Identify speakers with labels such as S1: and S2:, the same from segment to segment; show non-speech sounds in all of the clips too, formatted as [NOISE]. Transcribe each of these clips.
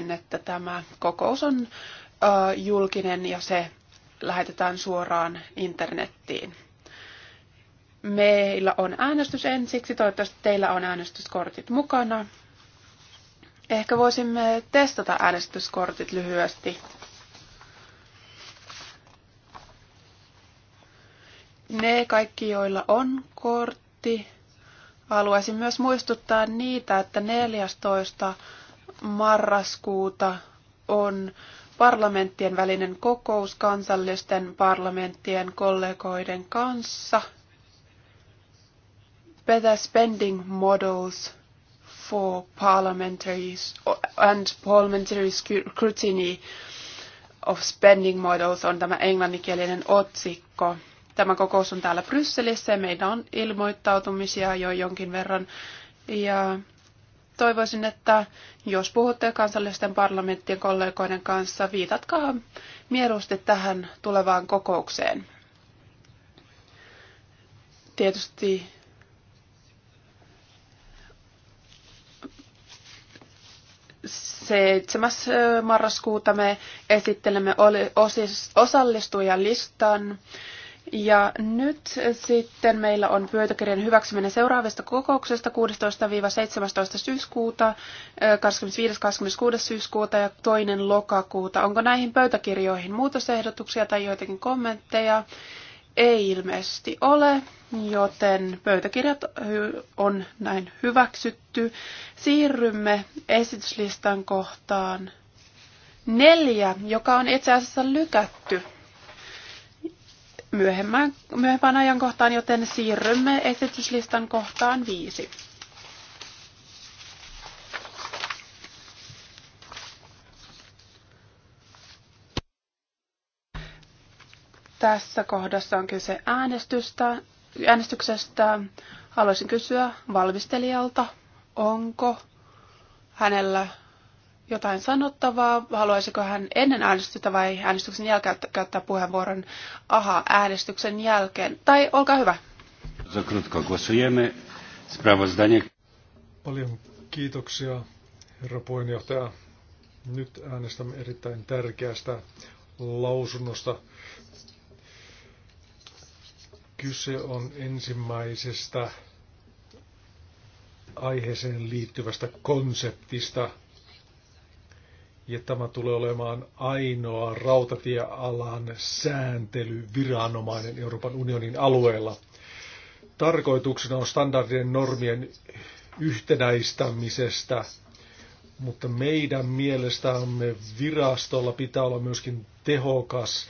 S1: sen, että tämä kokous on julkinen ja se lähetetään suoraan internettiin. Meillä on äänestys ensiksi, toivottavasti teillä on äänestyskortit mukana. Ehkä voisimme testata äänestyskortit lyhyesti. Ne kaikki, joilla on kortti, haluaisin myös muistuttaa niitä, että 14 marraskuuta on parlamenttien välinen kokous kansallisten parlamenttien kollegoiden kanssa. Better Spending Models for Parliamentaries and Parliamentary Scrutiny of Spending Models on tämä englanninkielinen otsikko. Tämä kokous on täällä Brysselissä ja meillä on ilmoittautumisia jo jonkin verran. Ja toivoisin, että jos puhutte kansallisten parlamenttien kollegoiden kanssa, viitatkaa mieluusti tähän tulevaan kokoukseen. Tietysti 7. marraskuuta me esittelemme osallistujalistan listan ja nyt sitten meillä on pöytäkirjan hyväksyminen seuraavista kokouksesta 16-17 syyskuuta, 25-26 syyskuuta ja toinen lokakuuta. Onko näihin pöytäkirjoihin muutosehdotuksia tai joitakin kommentteja? Ei ilmeisesti ole, joten pöytäkirjat on näin hyväksytty. Siirrymme esityslistan kohtaan neljä, joka on itse asiassa lykätty myöhemmän, myöhempään ajankohtaan, joten siirrymme esityslistan kohtaan viisi. Tässä kohdassa on kyse äänestystä, äänestyksestä. Haluaisin kysyä valmistelijalta, onko hänellä jotain sanottavaa? Haluaisiko hän ennen äänestystä vai äänestyksen jälkeen käyttää puheenvuoron? Aha, äänestyksen jälkeen. Tai olkaa hyvä.
S2: Paljon kiitoksia, herra puheenjohtaja. Nyt äänestämme erittäin tärkeästä lausunnosta. Kyse on ensimmäisestä aiheeseen liittyvästä konseptista – ja tämä tulee olemaan ainoa rautatiealan sääntelyviranomainen Euroopan unionin alueella. Tarkoituksena on standardien normien yhtenäistämisestä, mutta meidän mielestämme virastolla pitää olla myöskin tehokas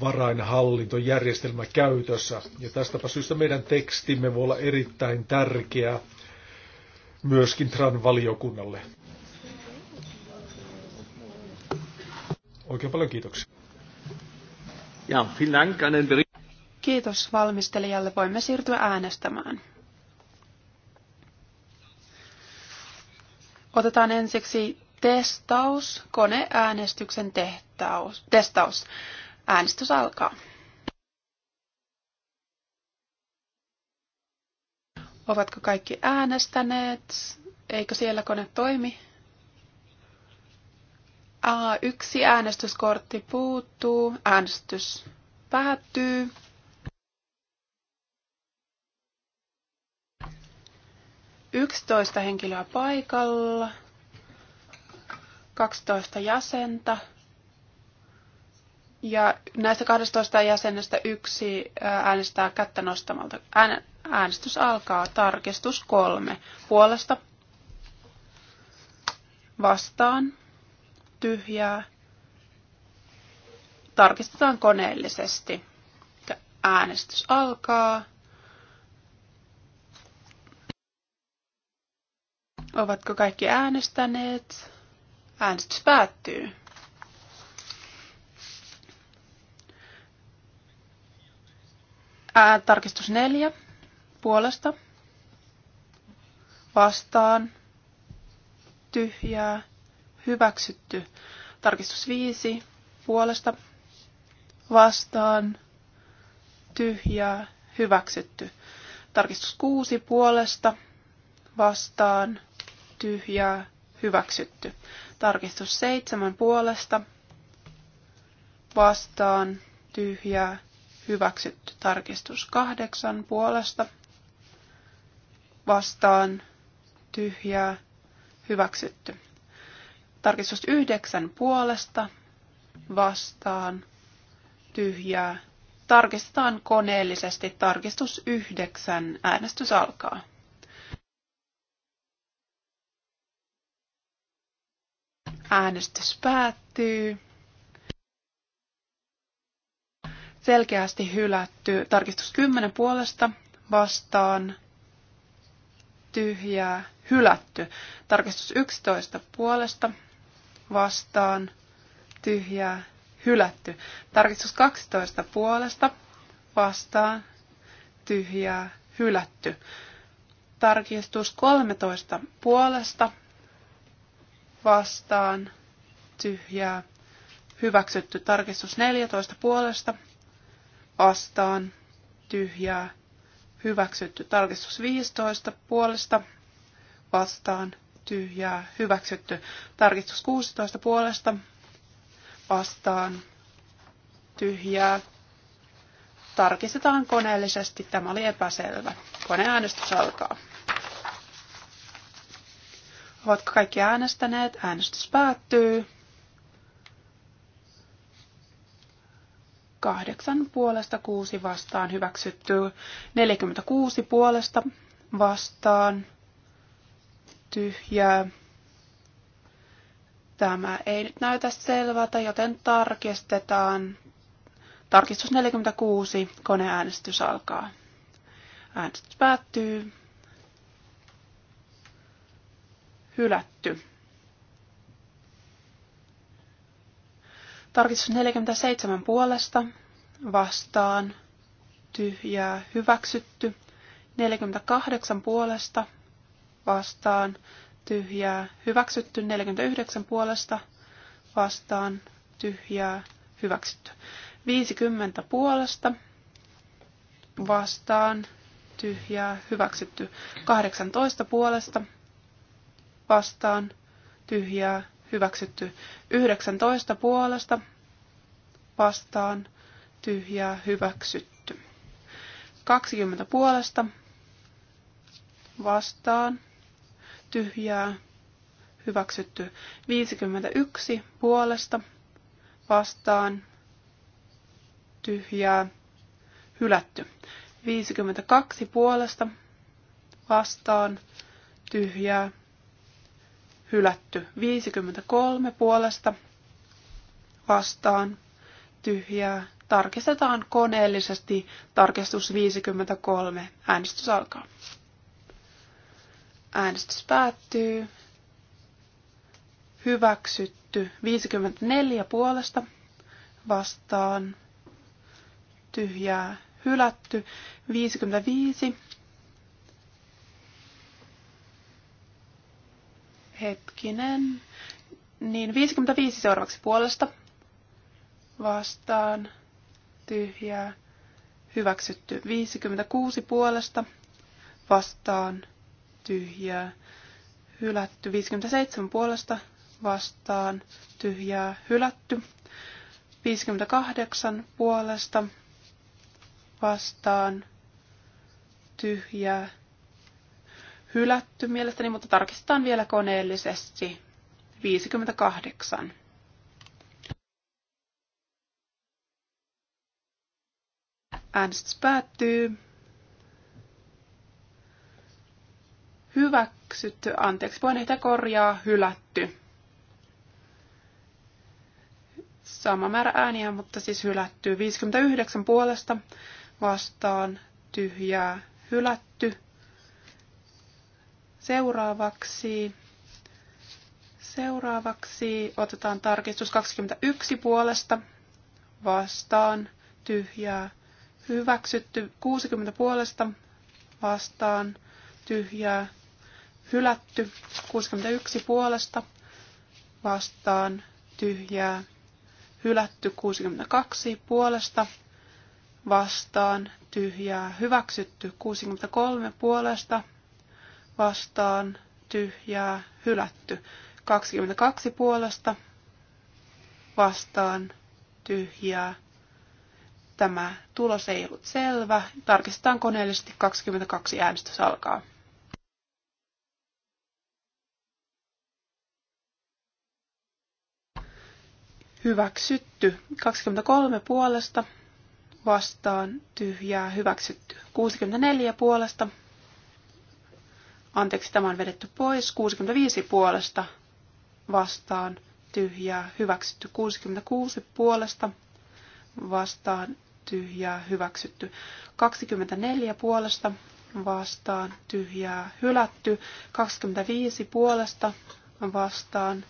S2: varainhallintojärjestelmä käytössä. Ja tästäpä syystä meidän tekstimme voi olla erittäin tärkeä myöskin TRAN-valiokunnalle. Oikein paljon kiitoksia. Ja, dank
S1: an den Kiitos valmistelijalle. Voimme siirtyä äänestämään. Otetaan ensiksi testaus, koneäänestyksen tehtaus, testaus. Äänestys alkaa. Ovatko kaikki äänestäneet? Eikö siellä kone toimi? A1 äänestyskortti puuttuu. Äänestys päättyy. Yksitoista henkilöä paikalla. kaksitoista jäsentä. Ja näistä 12 jäsenestä yksi äänestää kättä nostamalta. Äänestys alkaa. Tarkistus kolme. Puolesta. Vastaan tyhjää. Tarkistetaan koneellisesti. Äänestys alkaa. Ovatko kaikki äänestäneet? Äänestys päättyy. Ää, tarkistus neljä puolesta. Vastaan. Tyhjää hyväksytty. Tarkistus 5 puolesta vastaan tyhjää hyväksytty. Tarkistus 6 puolesta vastaan tyhjää hyväksytty. Tarkistus 7 puolesta vastaan tyhjää hyväksytty. Tarkistus 8 puolesta vastaan tyhjää hyväksytty. Tarkistus yhdeksän puolesta vastaan tyhjää. Tarkistetaan koneellisesti. Tarkistus yhdeksän. Äänestys alkaa. Äänestys päättyy. Selkeästi hylätty. Tarkistus 10 puolesta vastaan. Tyhjää. Hylätty. Tarkistus 11 puolesta vastaan, tyhjää, hylätty. Tarkistus 12 puolesta, vastaan, tyhjää, hylätty. Tarkistus 13 puolesta, vastaan, tyhjää, hyväksytty. Tarkistus 14 puolesta, vastaan, tyhjää, hyväksytty. Tarkistus 15 puolesta, vastaan, ja hyväksytty. Tarkistus 16 puolesta vastaan tyhjää. Tarkistetaan koneellisesti. Tämä oli epäselvä. Koneäänestys alkaa. Ovatko kaikki äänestäneet? Äänestys päättyy. Kahdeksan puolesta kuusi vastaan hyväksytty. 46 puolesta vastaan tyhjää. Tämä ei nyt näytä selvältä, joten tarkistetaan. Tarkistus 46, koneäänestys alkaa. Äänestys päättyy. Hylätty. Tarkistus 47 puolesta, vastaan, tyhjää, hyväksytty. 48 puolesta, vastaan tyhjää hyväksytty. 49 puolesta vastaan tyhjää hyväksytty. 50 puolesta vastaan tyhjää hyväksytty. 18 puolesta vastaan tyhjää hyväksytty. 19 puolesta vastaan tyhjää hyväksytty. 20 puolesta vastaan tyhjää, hyväksytty 51 puolesta, vastaan, tyhjää, hylätty 52 puolesta, vastaan, tyhjää, hylätty 53 puolesta, vastaan, tyhjää, tarkistetaan koneellisesti, tarkistus 53, äänestys alkaa. Äänestys päättyy. Hyväksytty 54 puolesta vastaan. Tyhjää hylätty 55. Hetkinen. Niin 55 seuraavaksi puolesta vastaan. Tyhjää hyväksytty 56 puolesta vastaan tyhjää hylätty. 57 puolesta vastaan tyhjää hylätty. 58 puolesta vastaan tyhjää hylätty mielestäni, mutta tarkistetaan vielä koneellisesti. 58. Äänestys päättyy. hyväksytty, anteeksi, puheenjohtaja korjaa, hylätty. Sama määrä ääniä, mutta siis hylätty. 59 puolesta vastaan tyhjää hylätty. Seuraavaksi, seuraavaksi otetaan tarkistus 21 puolesta vastaan tyhjää hyväksytty. 60 puolesta vastaan tyhjää hylätty. 61 puolesta vastaan tyhjää hylätty. 62 puolesta vastaan tyhjää hyväksytty. 63 puolesta vastaan tyhjää hylätty. 22 puolesta vastaan tyhjää. Tämä tulos ei ollut selvä. Tarkistetaan koneellisesti 22 äänestys alkaa. hyväksytty. 23 puolesta vastaan tyhjää hyväksytty. 64 puolesta, anteeksi tämä on vedetty pois, 65 puolesta vastaan tyhjää hyväksytty. 66 puolesta vastaan tyhjää hyväksytty. 24 puolesta vastaan tyhjää hylätty. 25 puolesta vastaan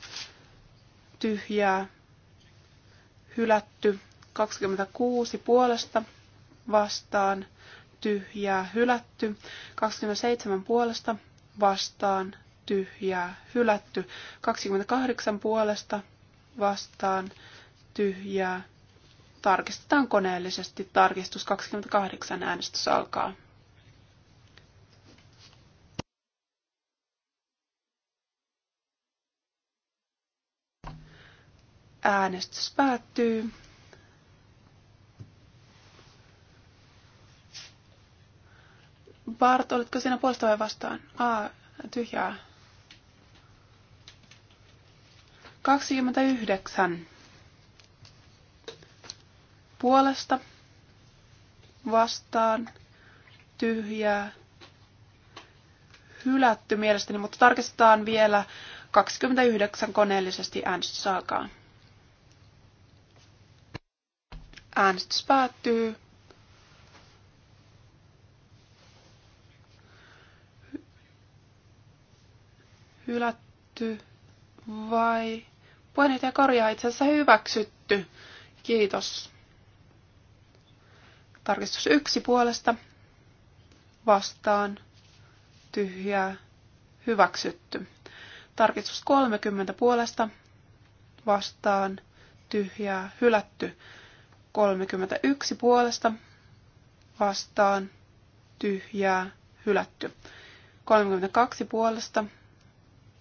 S1: tyhjää hylätty. 26 puolesta vastaan tyhjää hylätty. 27 puolesta vastaan tyhjää hylätty. 28 puolesta vastaan tyhjää. Tarkistetaan koneellisesti. Tarkistus 28 äänestys alkaa. Äänestys päättyy. Bart, olitko sinä puolesta vai vastaan? A, tyhjää. 29. Puolesta, vastaan, tyhjää, hylätty mielestäni, mutta tarkistetaan vielä 29 koneellisesti äänestys alkaa. Äänestys päättyy. Hylätty vai? Puheenjohtaja korjaa itse asiassa hyväksytty. Kiitos. Tarkistus yksi puolesta. Vastaan. Tyhjää. Hyväksytty. Tarkistus 30 puolesta. Vastaan. Tyhjää. Hylätty. 31 puolesta vastaan tyhjää hylätty. 32 puolesta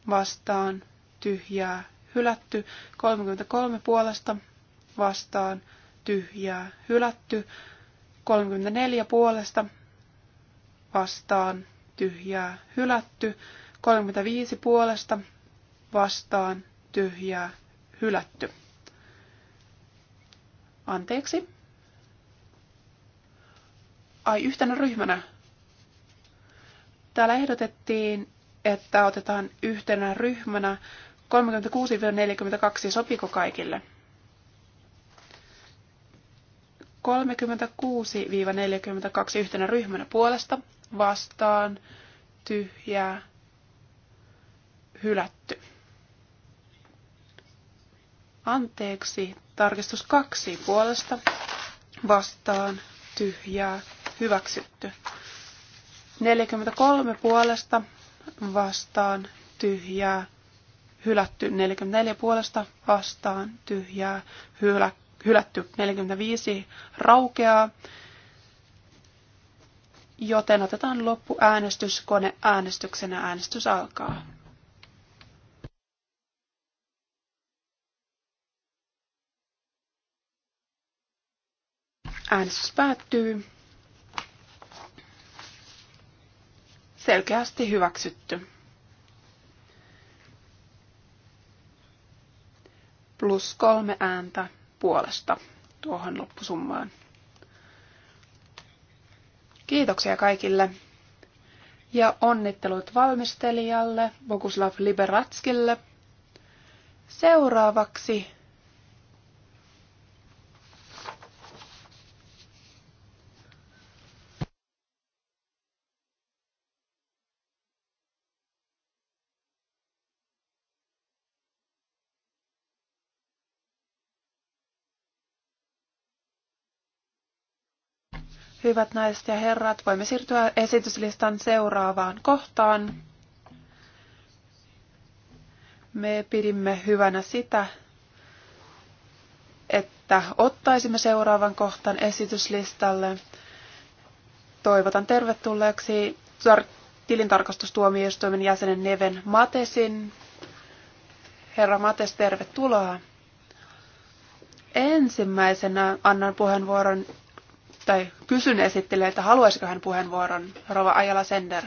S1: vastaan tyhjää hylätty. 33 puolesta vastaan tyhjää hylätty. 34 puolesta vastaan tyhjää hylätty. 35 puolesta vastaan tyhjää hylätty. Anteeksi. Ai, yhtenä ryhmänä. Täällä ehdotettiin, että otetaan yhtenä ryhmänä 36-42. Sopiko kaikille? 36-42 yhtenä ryhmänä puolesta vastaan tyhjää hylätty. Anteeksi, Tarkistus kaksi puolesta vastaan tyhjää hyväksytty. 43 puolesta vastaan tyhjää hylätty. 44 puolesta vastaan tyhjää hylä, hylätty. 45 raukeaa. Joten otetaan loppuäänestys koneäänestyksenä. Äänestys alkaa. Äänestys päättyy. Selkeästi hyväksytty. Plus kolme ääntä puolesta tuohon loppusummaan. Kiitoksia kaikille ja onnittelut valmistelijalle Boguslav Liberatskille. Seuraavaksi Hyvät naiset ja herrat, voimme siirtyä esityslistan seuraavaan kohtaan. Me pidimme hyvänä sitä, että ottaisimme seuraavan kohtan esityslistalle. Toivotan tervetulleeksi tilintarkastustuomioistuimen jäsenen Neven Matesin. Herra Mates, tervetuloa. Ensimmäisenä annan puheenvuoron tai kysyn esittelijältä, haluaisiko hän puheenvuoron, Rova Ajala Sender.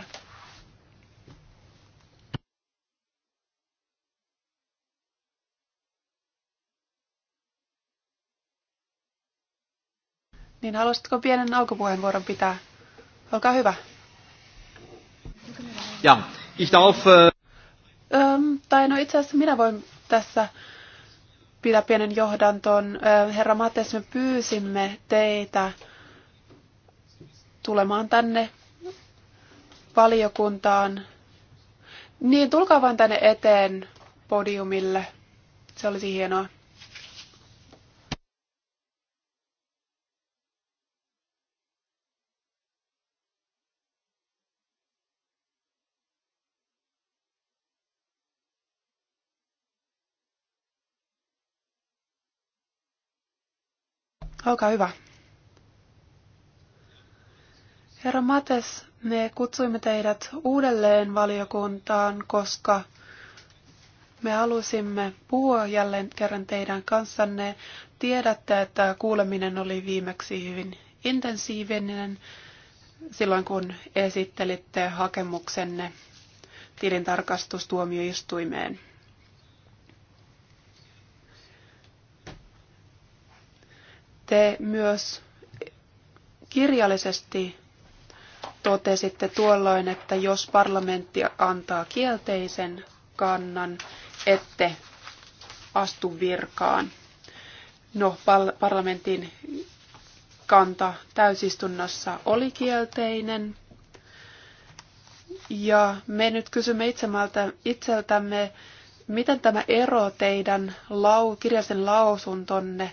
S1: Niin haluaisitko pienen alkupuheenvuoron pitää? Olkaa hyvä.
S2: Ja,
S3: ich darf... Äh...
S1: tai no itse asiassa minä voin tässä pitää pienen johdanton. Äh, herra Mattes, me pyysimme teitä tulemaan tänne valiokuntaan. Niin, tulkaa vaan tänne eteen podiumille. Se olisi hienoa. Olkaa hyvä. Herra Mates, me kutsuimme teidät uudelleen valiokuntaan, koska me halusimme puhua jälleen kerran teidän kanssanne. Tiedätte, että kuuleminen oli viimeksi hyvin intensiivinen silloin, kun esittelitte hakemuksenne tilintarkastustuomioistuimeen. Te myös kirjallisesti Totesitte tuolloin, että jos parlamentti antaa kielteisen kannan, ette astu virkaan. No, parlamentin kanta täysistunnossa oli kielteinen. Ja me nyt kysymme itsemältä, itseltämme, miten tämä ero teidän lau, kirjallisen lausuntonne,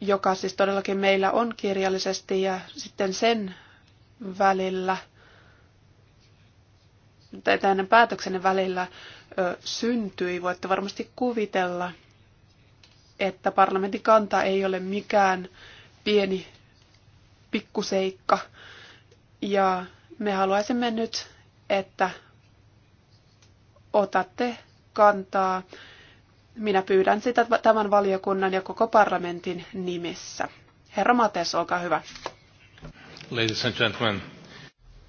S1: joka siis todellakin meillä on kirjallisesti, ja sitten sen välillä tai tämän päätöksenne välillä ö, syntyi. Voitte varmasti kuvitella, että parlamentin kanta ei ole mikään pieni pikkuseikka. Ja me haluaisimme nyt, että otatte kantaa. Minä pyydän sitä tämän valiokunnan ja koko parlamentin nimissä. Herra Mates, olkaa hyvä
S2: ladies and gentlemen.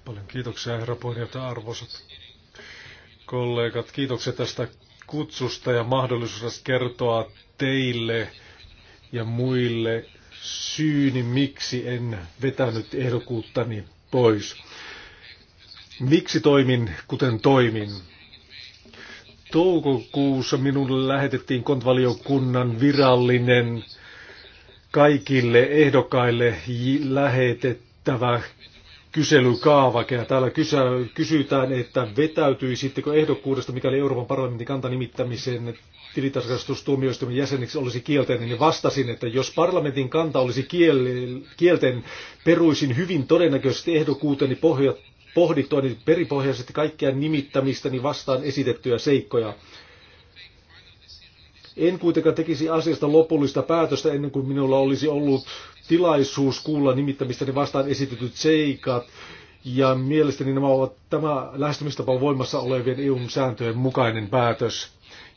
S2: Paljon kiitoksia, herra puheenjohtaja, arvoisat kollegat. Kiitoksia tästä kutsusta ja mahdollisuudesta kertoa teille ja muille syyni, miksi en vetänyt ehdokkuuttani pois. Miksi toimin, kuten toimin? Toukokuussa minulle lähetettiin kontvaliokunnan virallinen kaikille ehdokkaille lähetetty Tämä kyselykaavake. Ja täällä kysy- kysytään, että vetäytyisittekö ehdokkuudesta, mikäli Euroopan parlamentin kanta nimittämiseen tilitarkastustuomioistuimen jäseneksi olisi kielteinen, niin vastasin, että jos parlamentin kanta olisi kiel- kielteinen, peruisin hyvin todennäköisesti ehdokkuuteni niin pohjat, pohdittuani niin peripohjaisesti kaikkia nimittämistäni niin vastaan esitettyjä seikkoja. En kuitenkaan tekisi asiasta lopullista päätöstä ennen kuin minulla olisi ollut tilaisuus kuulla nimittämistäni vastaan esitetyt seikat, ja mielestäni nämä ovat tämä lähestymistapa voimassa olevien EU-sääntöjen mukainen päätös.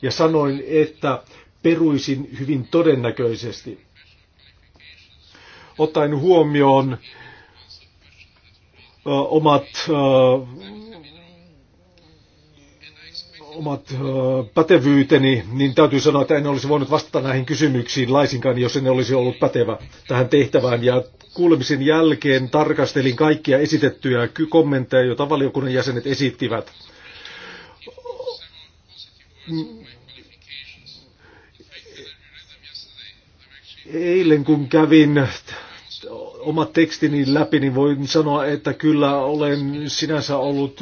S2: Ja sanoin, että peruisin hyvin todennäköisesti. Ottaen huomioon ö, omat ö, omat ö, pätevyyteni, niin täytyy sanoa, että en olisi voinut vastata näihin kysymyksiin laisinkaan, jos en olisi ollut pätevä tähän tehtävään. Ja kuulemisen jälkeen tarkastelin kaikkia esitettyjä kommentteja, joita valiokunnan jäsenet esittivät. Eilen kun kävin omat tekstini läpi, niin voin sanoa, että kyllä olen sinänsä ollut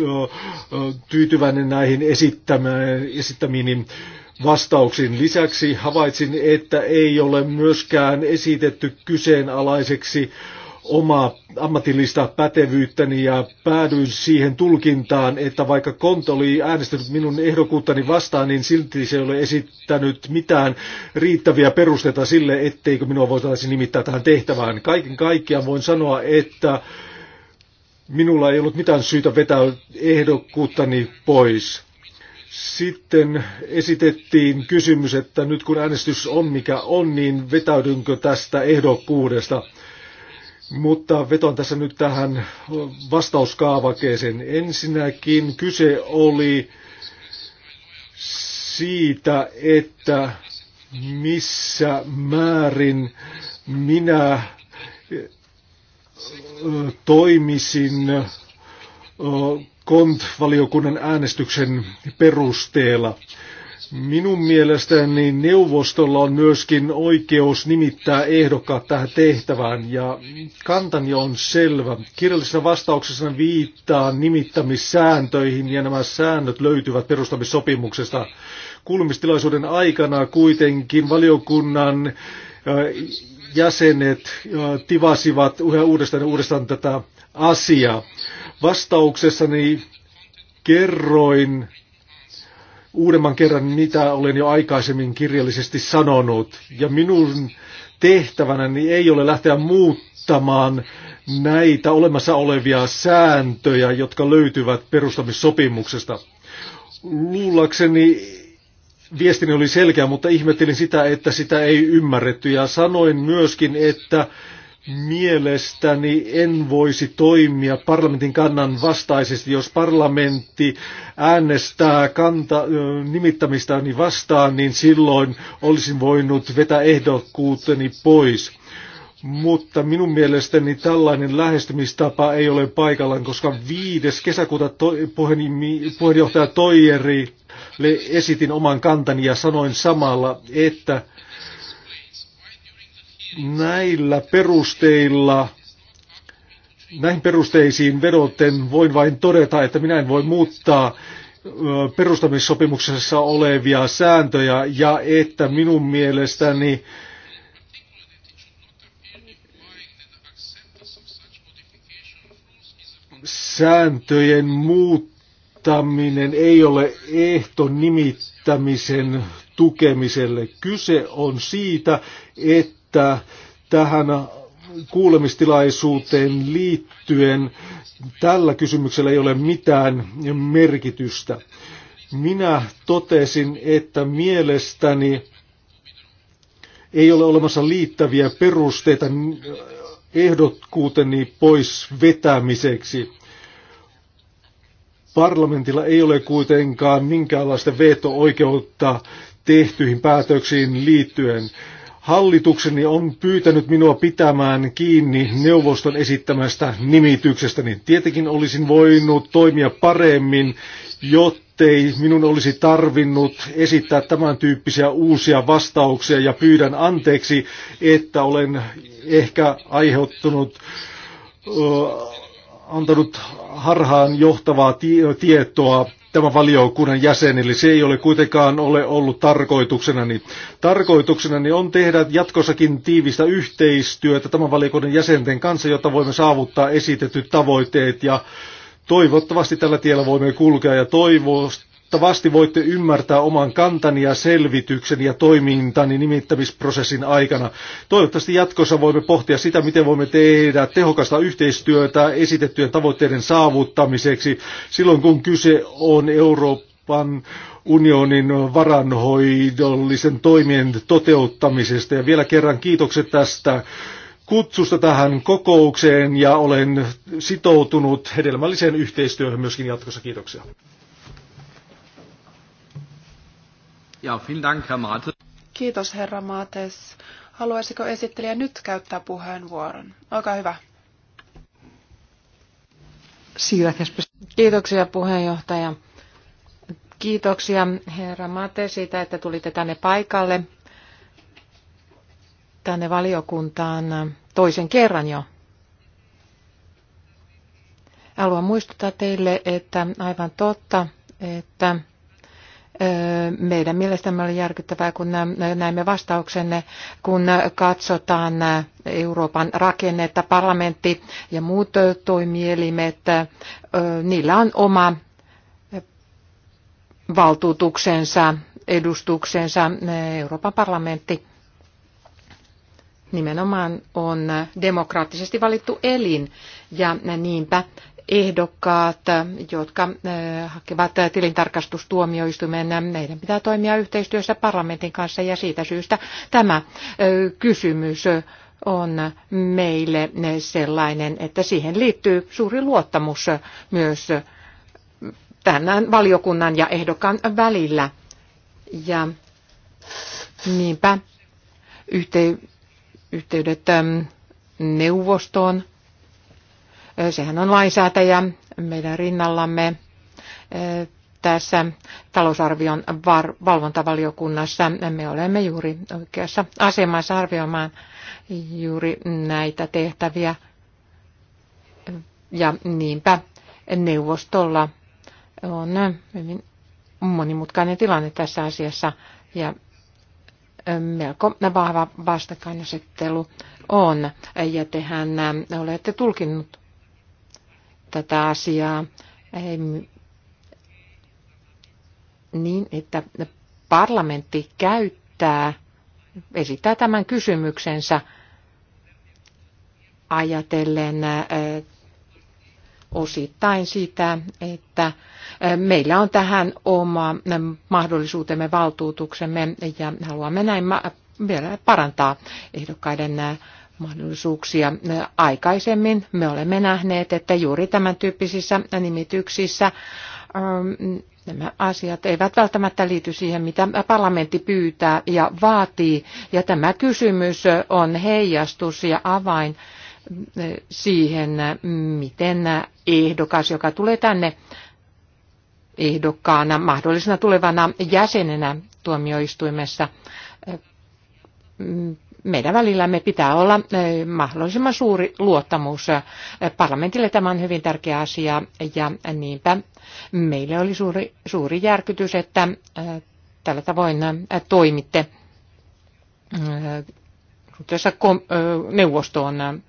S2: tyytyväinen näihin esittämiini vastauksiin. Lisäksi havaitsin, että ei ole myöskään esitetty kyseenalaiseksi äh, omaa ammatillista pätevyyttäni ja päädyin siihen tulkintaan, että vaikka Konto oli äänestänyt minun ehdokuuttani vastaan, niin silti se ei ole esittänyt mitään riittäviä perusteita sille, etteikö minua voitaisiin nimittää tähän tehtävään. Kaiken kaikkiaan voin sanoa, että minulla ei ollut mitään syytä vetää ehdokkuuttani pois. Sitten esitettiin kysymys, että nyt kun äänestys on mikä on, niin vetäydynkö tästä ehdokkuudesta. Mutta veton tässä nyt tähän vastauskaavakeeseen. Ensinnäkin kyse oli siitä, että missä määrin minä toimisin KONT-valiokunnan äänestyksen perusteella. Minun mielestäni neuvostolla on myöskin oikeus nimittää ehdokkaat tähän tehtävään ja kantani on selvä. Kirjallisessa vastauksessa viittaa nimittämissääntöihin ja nämä säännöt löytyvät perustamissopimuksesta. Kuulumistilaisuuden aikana kuitenkin valiokunnan äh, jäsenet äh, tivasivat yhä uudestaan ja uudestaan tätä asiaa. Vastauksessani kerroin uudemman kerran, mitä olen jo aikaisemmin kirjallisesti sanonut. Ja minun tehtävänäni ei ole lähteä muuttamaan näitä olemassa olevia sääntöjä, jotka löytyvät perustamissopimuksesta. Luulakseni viestini oli selkeä, mutta ihmettelin sitä, että sitä ei ymmärretty. Ja sanoin myöskin, että mielestäni en voisi toimia parlamentin kannan vastaisesti, jos parlamentti äänestää kanta, nimittämistäni vastaan, niin silloin olisin voinut vetää ehdokkuuteni pois. Mutta minun mielestäni tällainen lähestymistapa ei ole paikallaan, koska 5. kesäkuuta to, puheenjohtaja Toijeri esitin oman kantani ja sanoin samalla, että näillä perusteilla, näihin perusteisiin vedoten voin vain todeta, että minä en voi muuttaa perustamissopimuksessa olevia sääntöjä ja että minun mielestäni sääntöjen muuttaminen ei ole ehto nimittämisen tukemiselle. Kyse on siitä, että että tähän kuulemistilaisuuteen liittyen tällä kysymyksellä ei ole mitään merkitystä. Minä totesin, että mielestäni ei ole olemassa liittäviä perusteita ehdokkuuteni pois vetämiseksi. Parlamentilla ei ole kuitenkaan minkäänlaista veto-oikeutta tehtyihin päätöksiin liittyen. Hallitukseni on pyytänyt minua pitämään kiinni neuvoston esittämästä nimityksestä, niin tietenkin olisin voinut toimia paremmin, jottei minun olisi tarvinnut esittää tämän tyyppisiä uusia vastauksia ja pyydän anteeksi, että olen ehkä aiheuttanut antanut harhaan johtavaa tietoa tämän valiokunnan jäsenille. Se ei ole kuitenkaan ole ollut tarkoituksenani. Tarkoituksenani on tehdä jatkossakin tiivistä yhteistyötä tämän valiokunnan jäsenten kanssa, jotta voimme saavuttaa esitetyt tavoitteet ja toivottavasti tällä tiellä voimme kulkea ja toivoa Toivottavasti voitte ymmärtää oman kantani ja selvityksen ja toimintani nimittämisprosessin aikana. Toivottavasti jatkossa voimme pohtia sitä, miten voimme tehdä tehokasta yhteistyötä esitettyjen tavoitteiden saavuttamiseksi silloin, kun kyse on Euroopan unionin varanhoidollisen toimien toteuttamisesta. Ja vielä kerran kiitokset tästä kutsusta tähän kokoukseen ja olen sitoutunut hedelmälliseen yhteistyöhön myöskin jatkossa. Kiitoksia. Ja, vielen Dank, Herr Mates.
S1: Kiitos, herra Mates. Haluaisiko esittelijä nyt käyttää puheenvuoron? Olkaa hyvä.
S3: Kiitoksia puheenjohtaja. Kiitoksia herra Mate siitä, että tulitte tänne paikalle, tänne valiokuntaan toisen kerran jo. Haluan muistuttaa teille, että aivan totta, että meidän mielestämme oli järkyttävää, kun näimme vastauksenne, kun katsotaan äh, Euroopan rakennetta, parlamentti ja muut äh, toimielimet, äh, niillä on oma valtuutuksensa, edustuksensa. Euroopan parlamentti nimenomaan on demokraattisesti valittu elin ja niinpä ehdokkaat, jotka eh, hakevat tilintarkastustuomioistuimen, meidän pitää toimia yhteistyössä parlamentin kanssa ja siitä syystä tämä eh, kysymys on meille sellainen, että siihen liittyy suuri luottamus myös tämän valiokunnan ja ehdokkaan välillä. Ja niinpä yhteydet eh, neuvostoon Sehän on lainsäätäjä meidän rinnallamme tässä talousarvion valvontavaliokunnassa. Me olemme juuri oikeassa asemassa arvioimaan juuri näitä tehtäviä. Ja niinpä neuvostolla on hyvin monimutkainen tilanne tässä asiassa ja melko vahva vastakkainasettelu on. Ja tehän olette tulkinnut tätä asiaa niin, että parlamentti käyttää, esittää tämän kysymyksensä ajatellen osittain sitä, että meillä on tähän oma mahdollisuutemme, valtuutuksemme ja haluamme näin vielä parantaa ehdokkaiden mahdollisuuksia. Aikaisemmin me olemme nähneet, että juuri tämän tyyppisissä nimityksissä ähm, nämä asiat eivät välttämättä liity siihen, mitä parlamentti pyytää ja vaatii. Ja tämä kysymys on heijastus ja avain äh, siihen, miten ehdokas, joka tulee tänne ehdokkaana, mahdollisena tulevana jäsenenä tuomioistuimessa, äh, meidän välillämme pitää olla eh, mahdollisimman suuri luottamus. Eh, parlamentille tämä on hyvin tärkeä asia ja niinpä meille oli suuri, suuri järkytys, että eh, tällä tavoin toimitte suhteessa neuvostoon.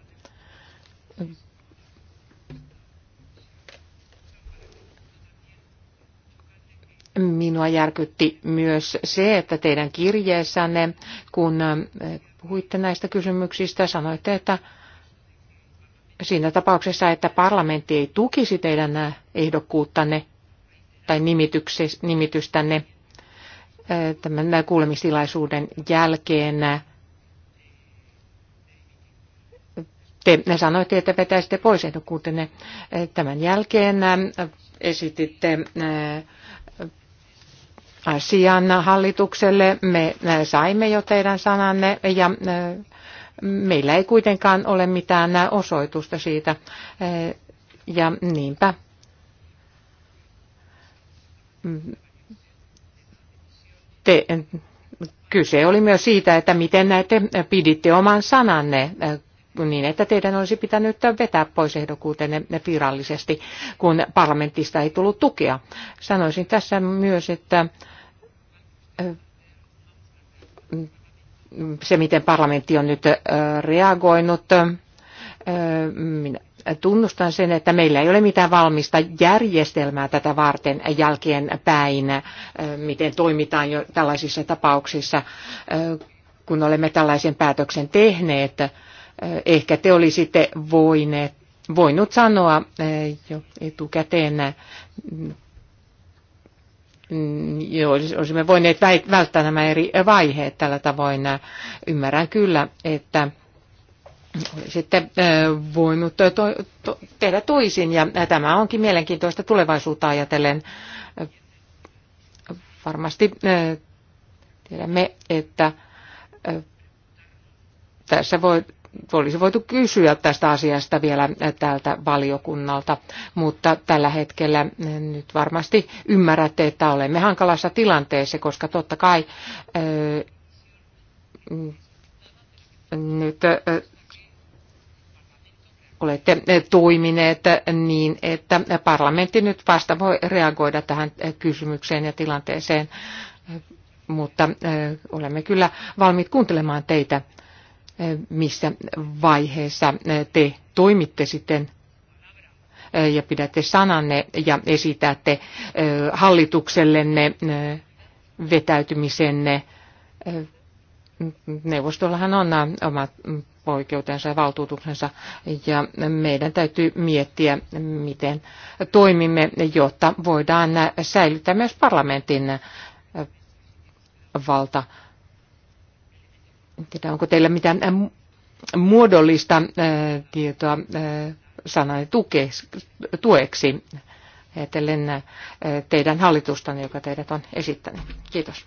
S3: Minua järkytti myös se, että teidän kirjeessänne, kun puhuitte näistä kysymyksistä. Sanoitte, että siinä tapauksessa, että parlamentti ei tukisi teidän ehdokkuuttanne tai nimitystänne eh, tämän kuulemistilaisuuden jälkeen, te sanoitte, että vetäisitte pois ehdokkuutenne. Eh, tämän jälkeen eh, esititte asian hallitukselle. Me äh, saimme jo teidän sananne ja äh, meillä ei kuitenkaan ole mitään äh, osoitusta siitä. Ja niinpä mm. te, kyse oli myös siitä, että miten te piditte oman sananne niin, että teidän olisi pitänyt vetää pois ehdokkuutenne virallisesti, kun parlamentista ei tullut tukea. Sanoisin tässä myös, että se, miten parlamentti on nyt reagoinut. Minä tunnustan sen, että meillä ei ole mitään valmista järjestelmää tätä varten jälkeen päin, miten toimitaan jo tällaisissa tapauksissa, kun olemme tällaisen päätöksen tehneet. Ehkä te olisitte voineet, voinut sanoa jo etukäteen, Mm, olisimme voineet välttää nämä eri vaiheet tällä tavoin. Ymmärrän kyllä, että sitten voinut to, to, tehdä toisin ja tämä onkin mielenkiintoista tulevaisuutta ajatellen. Varmasti tiedämme, että tässä voi olisi voitu kysyä tästä asiasta vielä tältä valiokunnalta, mutta tällä hetkellä nyt varmasti ymmärrätte, että olemme hankalassa tilanteessa, koska totta kai nyt olette toimineet niin, että parlamentti nyt vasta voi reagoida tähän kysymykseen ja tilanteeseen, mutta olemme kyllä valmiit kuuntelemaan teitä missä vaiheessa te toimitte sitten ja pidätte sananne ja esitätte hallituksellenne vetäytymisenne. Neuvostollahan on omat oikeutensa ja valtuutuksensa, ja meidän täytyy miettiä, miten toimimme, jotta voidaan säilyttää myös parlamentin valta en tiedä, onko teillä mitään äh, muodollista äh, tietoa äh, sanan tueksi ajatellen teidän hallitustanne, joka teidät on esittänyt. Kiitos.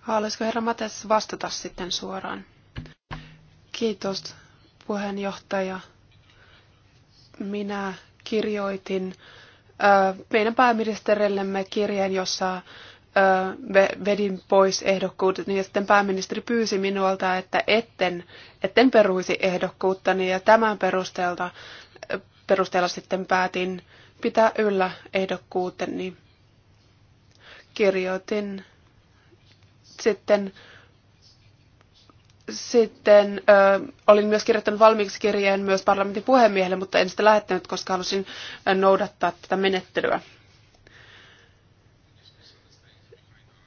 S1: Haluaisiko herra Mates vastata sitten suoraan? Kiitos puheenjohtaja. Minä kirjoitin meidän pääministerillemme kirjeen, jossa vedin pois ehdokkuudet, niin sitten pääministeri pyysi minulta, että etten, etten peruisi ehdokkuuttani, ja tämän perusteelta, perusteella sitten päätin pitää yllä ehdokkuuteni. Kirjoitin sitten sitten ö, olin myös kirjoittanut valmiiksi kirjeen myös parlamentin puhemiehelle, mutta en sitä lähettänyt, koska halusin noudattaa tätä menettelyä.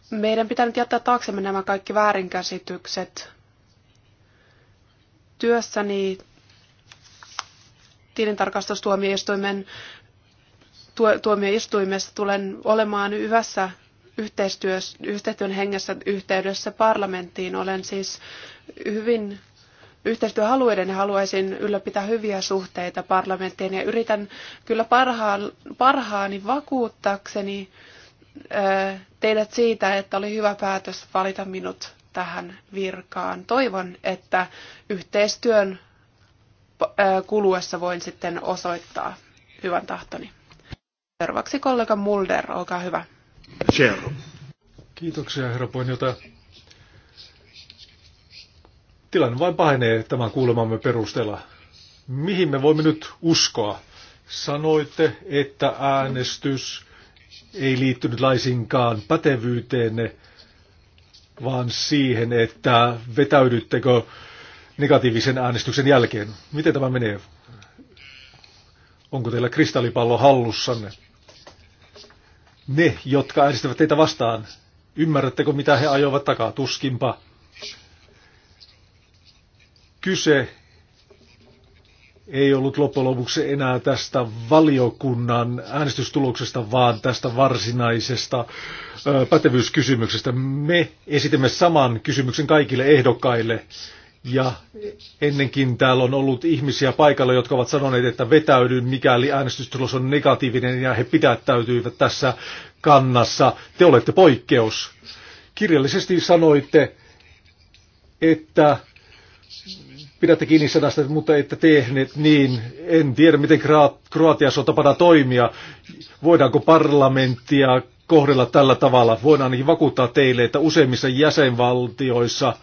S1: Meidän pitää nyt jättää taaksemme nämä kaikki väärinkäsitykset. Työssäni tilintarkastustuomioistuimen tuomioistuimessa tulen olemaan yvässä yhteistyön hengessä yhteydessä parlamenttiin. Olen siis hyvin yhteistyöalueiden haluaisin ylläpitää hyviä suhteita parlamenttiin ja yritän kyllä parhaani vakuuttakseni teidät siitä, että oli hyvä päätös valita minut tähän virkaan. Toivon, että yhteistyön kuluessa voin sitten osoittaa hyvän tahtoni. Seuraavaksi kollega Mulder, olkaa hyvä.
S2: Kiitoksia, herra Poinjota. Tilanne vain pahenee tämän kuulemamme perusteella. Mihin me voimme nyt uskoa? Sanoitte, että äänestys ei liittynyt laisinkaan pätevyyteenne, vaan siihen, että vetäydyttekö negatiivisen äänestyksen jälkeen. Miten tämä menee? Onko teillä kristallipallo hallussanne? ne, jotka äänestävät teitä vastaan. Ymmärrättekö, mitä he ajoivat takaa? Tuskinpa. Kyse ei ollut loppujen lopuksi enää tästä valiokunnan äänestystuloksesta, vaan tästä varsinaisesta ö, pätevyyskysymyksestä. Me esitimme saman kysymyksen kaikille ehdokkaille. Ja ennenkin täällä on ollut ihmisiä paikalla, jotka ovat sanoneet, että vetäydy, mikäli äänestystulos on negatiivinen ja he pidättäytyivät tässä kannassa. Te olette poikkeus. Kirjallisesti sanoitte, että pidätte kiinni sanasta, mutta ette tehneet niin. En tiedä, miten Kroatiassa on tapana toimia. Voidaanko parlamenttia kohdella tällä tavalla? Voin ainakin vakuuttaa teille, että useimmissa jäsenvaltioissa –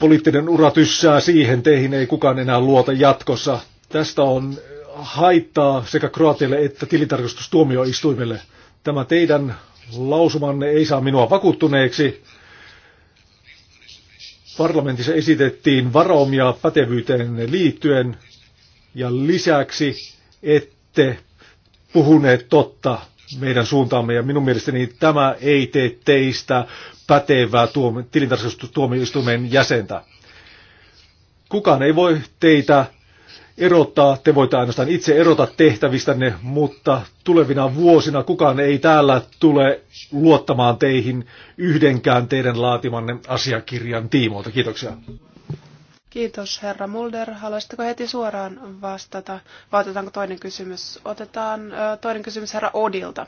S2: poliittinen ura tyssää siihen, teihin ei kukaan enää luota jatkossa. Tästä on haittaa sekä Kroatialle että tilintarkastustuomioistuimelle. Tämä teidän lausumanne ei saa minua vakuuttuneeksi. Parlamentissa esitettiin varaumia pätevyyteen liittyen ja lisäksi ette puhuneet totta meidän suuntaamme ja minun mielestäni tämä ei tee teistä pätevää tuomi, tilintarkastustuomioistuimen jäsentä. Kukaan ei voi teitä erottaa, te voitte ainoastaan itse erota tehtävistänne, mutta tulevina vuosina kukaan ei täällä tule luottamaan teihin yhdenkään teidän laatimanne asiakirjan tiimoilta. Kiitoksia.
S1: Kiitos herra Mulder. Haluaisitteko heti suoraan vastata? Vaatetaanko toinen kysymys? Otetaan toinen kysymys herra Odilta.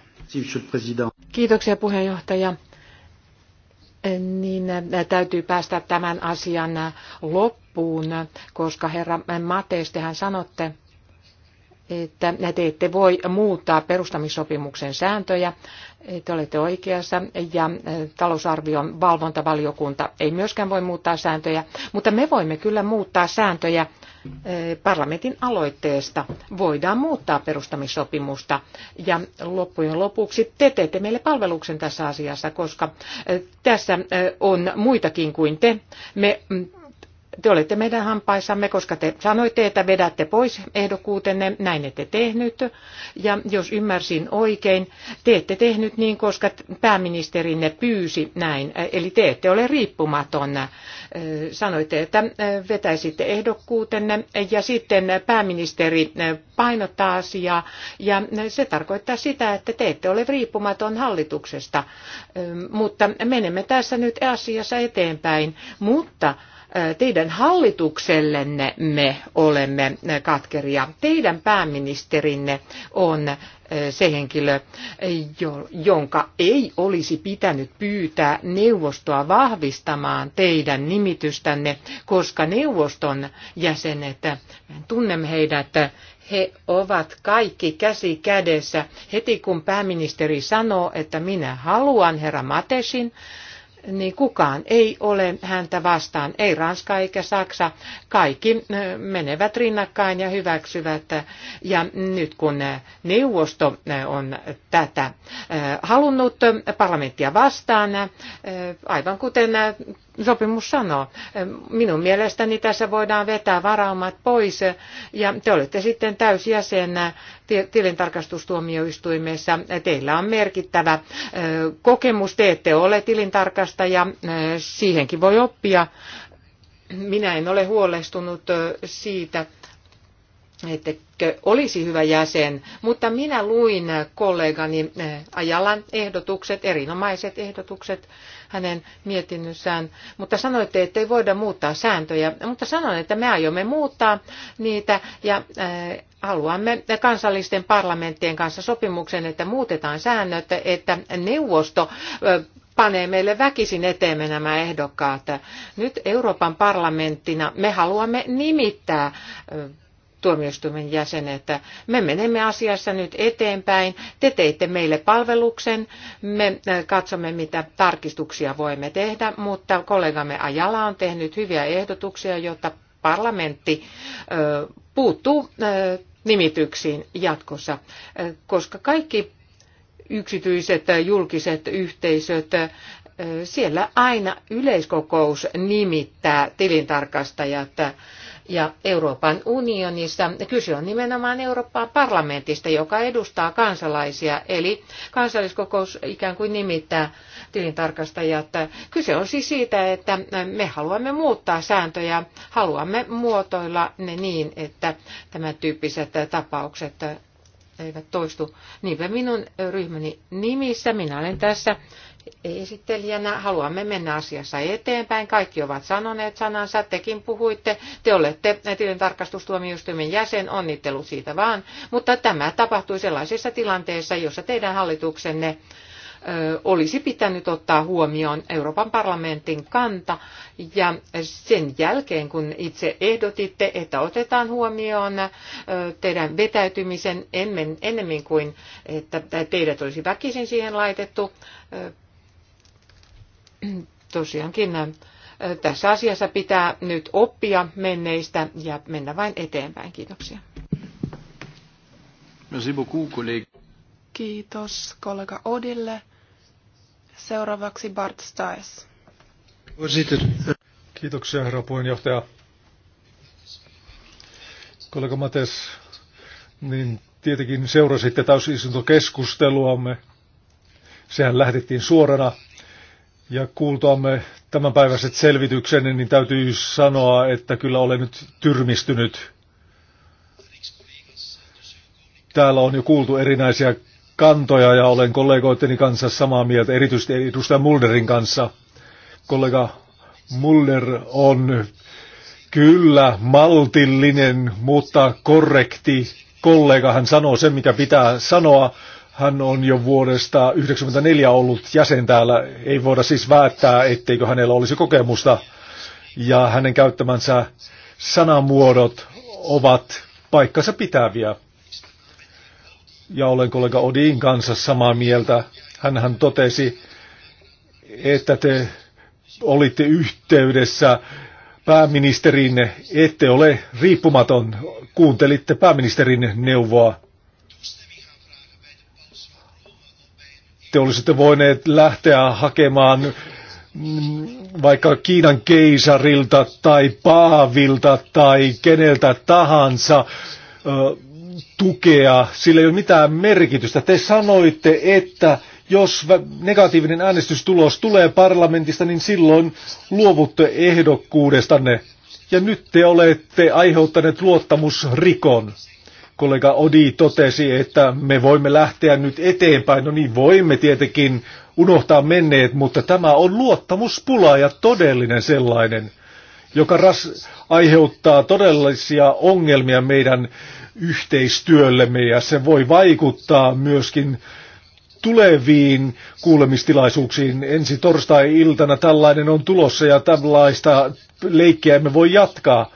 S3: Kiitoksia puheenjohtaja niin äh, täytyy päästä tämän asian loppuun, koska herra Matees, tehän sanotte, että te ette voi muuttaa perustamissopimuksen sääntöjä. Te olette oikeassa ja äh, talousarvion valvontavaliokunta ei myöskään voi muuttaa sääntöjä, mutta me voimme kyllä muuttaa sääntöjä Eh, parlamentin aloitteesta voidaan muuttaa perustamissopimusta. Ja loppujen lopuksi te teette meille palveluksen tässä asiassa, koska eh, tässä eh, on muitakin kuin te. Me mm, te olette meidän hampaissamme, koska te sanoitte, että vedätte pois ehdokkuutenne, näin ette tehnyt. Ja jos ymmärsin oikein, te ette tehnyt niin, koska pääministerinne pyysi näin, eli te ette ole riippumaton. Sanoitte, että vetäisitte ehdokkuutenne ja sitten pääministeri painottaa asiaa ja se tarkoittaa sitä, että te ette ole riippumaton hallituksesta. Mutta menemme tässä nyt asiassa eteenpäin, mutta teidän hallituksellenne me olemme katkeria. Teidän pääministerinne on se henkilö, jonka ei olisi pitänyt pyytää neuvostoa vahvistamaan teidän nimitystänne, koska neuvoston jäsenet, tunnemme heidät, he ovat kaikki käsi kädessä. Heti kun pääministeri sanoo, että minä haluan herra Matesin, niin kukaan ei ole häntä vastaan, ei Ranska eikä Saksa. Kaikki menevät rinnakkain ja hyväksyvät. Ja nyt kun neuvosto on tätä halunnut parlamenttia vastaan, aivan kuten sopimus sanoo. Minun mielestäni tässä voidaan vetää varaumat pois ja te olette sitten täysjäsenä tilintarkastustuomioistuimessa. Teillä on merkittävä kokemus, te ette ole tilintarkastaja, siihenkin voi oppia. Minä en ole huolestunut siitä, että olisi hyvä jäsen, mutta minä luin kollegani eh, Ajalan ehdotukset, erinomaiset ehdotukset hänen mietinnössään, mutta sanoitte, että ei voida muuttaa sääntöjä, mutta sanoin, että me aiomme muuttaa niitä ja eh, haluamme kansallisten parlamenttien kanssa sopimuksen, että muutetaan säännöt, että neuvosto eh, panee meille väkisin eteemme nämä ehdokkaat. Nyt Euroopan parlamenttina me haluamme nimittää tuomioistuimen jäsen, että me menemme asiassa nyt eteenpäin, te teitte meille palveluksen, me äh, katsomme mitä tarkistuksia voimme tehdä, mutta kollegamme Ajala on tehnyt hyviä ehdotuksia, jotta parlamentti äh, puuttuu äh, nimityksiin jatkossa, koska kaikki yksityiset julkiset yhteisöt siellä aina yleiskokous nimittää tilintarkastajat ja Euroopan unionista. Kyse on nimenomaan Euroopan parlamentista, joka edustaa kansalaisia, eli kansalliskokous ikään kuin nimittää tilintarkastajat. Kyse on siis siitä, että me haluamme muuttaa sääntöjä, haluamme muotoilla ne niin, että tämän tyyppiset tapaukset eivät toistu. Niinpä minun ryhmäni nimissä, minä olen tässä esittelijänä. Haluamme mennä asiassa eteenpäin. Kaikki ovat sanoneet sanansa. Tekin puhuitte. Te olette tilintarkastustuomioistuimen jäsen. Onnittelut siitä vaan. Mutta tämä tapahtui sellaisessa tilanteessa, jossa teidän hallituksenne olisi pitänyt ottaa huomioon Euroopan parlamentin kanta ja sen jälkeen kun itse ehdotitte, että otetaan huomioon teidän vetäytymisen ennemmin kuin että teidät olisi väkisin siihen laitettu, [CLEARS THROAT] tosiaankin tässä asiassa pitää nyt oppia menneistä ja mennä vain
S1: eteenpäin. Kiitoksia. Kiitos kollega Odille. Seuraavaksi Bart Stais.
S2: Kiitoksia herra puheenjohtaja. Kollega Mates, niin tietenkin seurasitte täysistuntokeskusteluamme. Sehän lähdettiin suorana ja kuultuamme tämänpäiväiset selvityksenne, niin-, niin täytyy sanoa, että kyllä olen nyt tyrmistynyt. Täällä on jo kuultu erinäisiä kantoja ja olen kollegoitteni kanssa samaa mieltä, erityisesti edustaja Mulderin kanssa. Kollega Mulder on kyllä maltillinen, mutta korrekti kollega. Hän sanoo sen, mikä pitää sanoa, hän on jo vuodesta 1994 ollut jäsen täällä. Ei voida siis väittää, etteikö hänellä olisi kokemusta. Ja hänen käyttämänsä sanamuodot ovat paikkansa pitäviä. Ja olen kollega Odin kanssa samaa mieltä. Hänhän totesi, että te olitte yhteydessä pääministerin, ette ole riippumaton, kuuntelitte pääministerin neuvoa. te olisitte voineet lähteä hakemaan mm, vaikka Kiinan keisarilta tai paavilta tai keneltä tahansa tukea. Sillä ei ole mitään merkitystä. Te sanoitte, että jos negatiivinen äänestystulos tulee parlamentista, niin silloin luovutte ehdokkuudestanne. Ja nyt te olette aiheuttaneet luottamusrikon kollega Odi totesi, että me voimme lähteä nyt eteenpäin. No niin, voimme tietenkin unohtaa menneet, mutta tämä on luottamuspula ja todellinen sellainen, joka ras- aiheuttaa todellisia ongelmia meidän yhteistyöllemme ja se voi vaikuttaa myöskin tuleviin kuulemistilaisuuksiin. Ensi torstai-iltana tällainen on tulossa ja tällaista leikkiä emme voi jatkaa.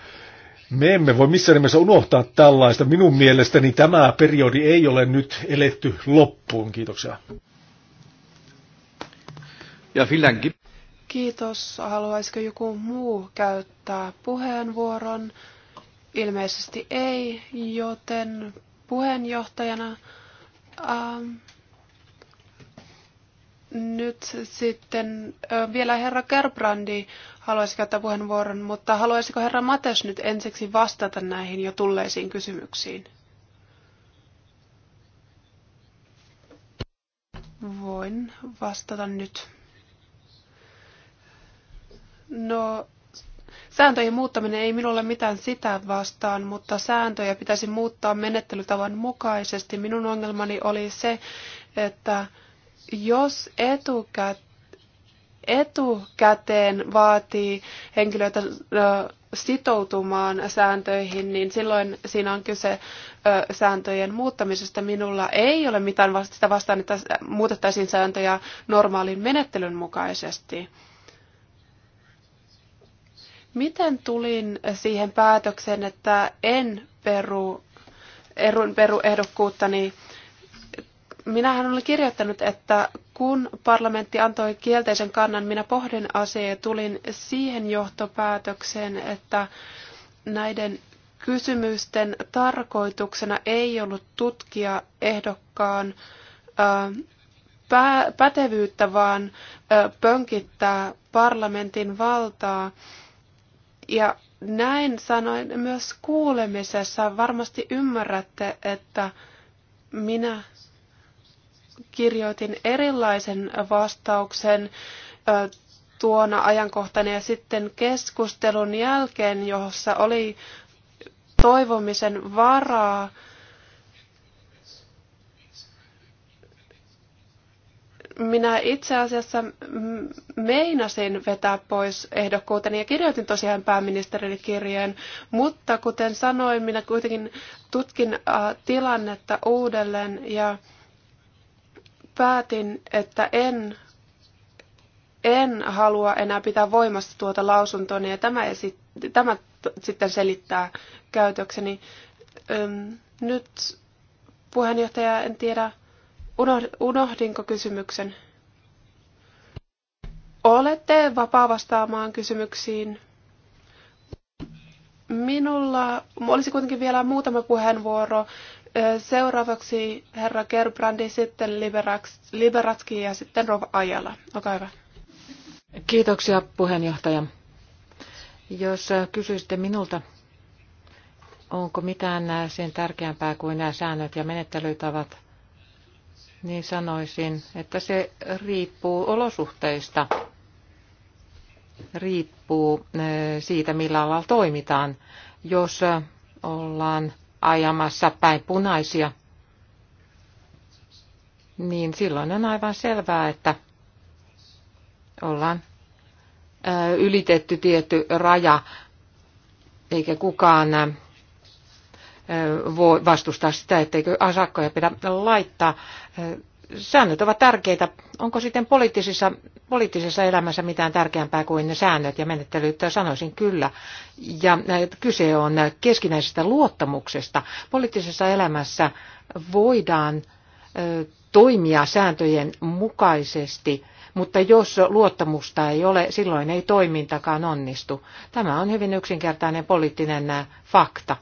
S2: Me emme voi missään nimessä unohtaa tällaista. Minun mielestäni tämä periodi ei ole nyt eletty loppuun. Kiitoksia. Ja Filänki.
S1: Kiitos. Haluaisiko joku muu käyttää puheenvuoron? Ilmeisesti ei, joten puheenjohtajana ähm, nyt sitten äh, vielä herra Gerbrandi haluaisi käyttää puheenvuoron, mutta haluaisiko herra Mates nyt ensiksi vastata näihin jo tulleisiin kysymyksiin? Voin vastata nyt. No, sääntöjen muuttaminen ei minulle mitään sitä vastaan, mutta sääntöjä pitäisi muuttaa menettelytavan mukaisesti. Minun ongelmani oli se, että jos etukäteen etukäteen vaatii henkilöitä sitoutumaan sääntöihin, niin silloin siinä on kyse sääntöjen muuttamisesta. Minulla ei ole mitään sitä vastaan, että muutettaisiin sääntöjä normaalin menettelyn mukaisesti. Miten tulin siihen päätökseen, että en peru, erun peru ehdokkuuttani Minähän olen kirjoittanut, että kun parlamentti antoi kielteisen kannan, minä pohdin asiaa ja tulin siihen johtopäätökseen, että näiden kysymysten tarkoituksena ei ollut tutkia ehdokkaan pätevyyttä, vaan pönkittää parlamentin valtaa. Ja näin sanoin myös kuulemisessa. Varmasti ymmärrätte, että minä kirjoitin erilaisen vastauksen tuona ajankohtana ja sitten keskustelun jälkeen, jossa oli toivomisen varaa, minä itse asiassa meinasin vetää pois ehdokkuuteni ja kirjoitin tosiaan pääministerille kirjeen, mutta kuten sanoin, minä kuitenkin tutkin tilannetta uudelleen ja päätin, että en, en halua enää pitää voimassa tuota lausuntoa, ja tämä, esit, tämä sitten selittää käytökseni. Öm, nyt puheenjohtaja, en tiedä, unohdinko kysymyksen? Olette vapaa vastaamaan kysymyksiin. Minulla olisi kuitenkin vielä muutama puheenvuoro Seuraavaksi herra Gerbrandi, sitten Liberatski ja sitten Rova Ajala. Olkaa hyvä.
S3: Kiitoksia puheenjohtaja. Jos kysyisitte minulta, onko mitään sen tärkeämpää kuin nämä säännöt ja menettelytavat, niin sanoisin, että se riippuu olosuhteista, riippuu siitä, millä alalla toimitaan. Jos ollaan ajamassa päin punaisia, niin silloin on aivan selvää, että ollaan ylitetty tietty raja, eikä kukaan voi vastustaa sitä, etteikö asakkoja pidä laittaa säännöt ovat tärkeitä. Onko sitten poliittisessa, poliittisessa elämässä mitään tärkeämpää kuin ne säännöt ja menettelyt? Sanoisin kyllä. Ja kyse on keskinäisestä luottamuksesta. Poliittisessa elämässä voidaan toimia sääntöjen mukaisesti, mutta jos luottamusta ei ole, silloin ei toimintakaan onnistu. Tämä on hyvin yksinkertainen poliittinen fakta.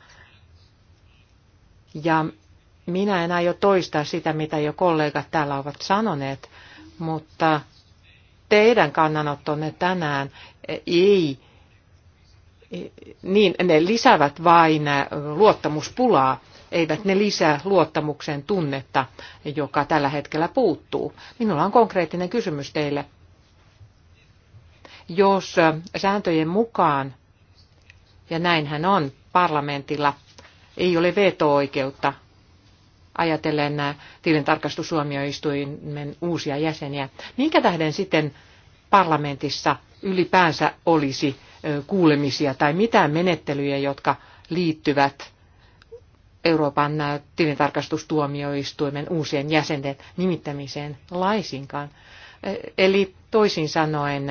S3: Ja minä en aio toistaa sitä, mitä jo kollegat täällä ovat sanoneet, mutta teidän kannanottonne tänään ei, niin ne lisäävät vain luottamuspulaa, eivät ne lisää luottamuksen tunnetta, joka tällä hetkellä puuttuu. Minulla on konkreettinen kysymys teille. Jos sääntöjen mukaan, ja näinhän on parlamentilla, ei ole veto-oikeutta ajatellen äh, tilintarkastusuomioistuimen uusia jäseniä. Minkä tähden sitten parlamentissa ylipäänsä olisi äh, kuulemisia tai mitään menettelyjä, jotka liittyvät Euroopan äh, tilintarkastustuomioistuimen uusien jäsenten nimittämiseen laisinkaan. Eli toisin sanoen,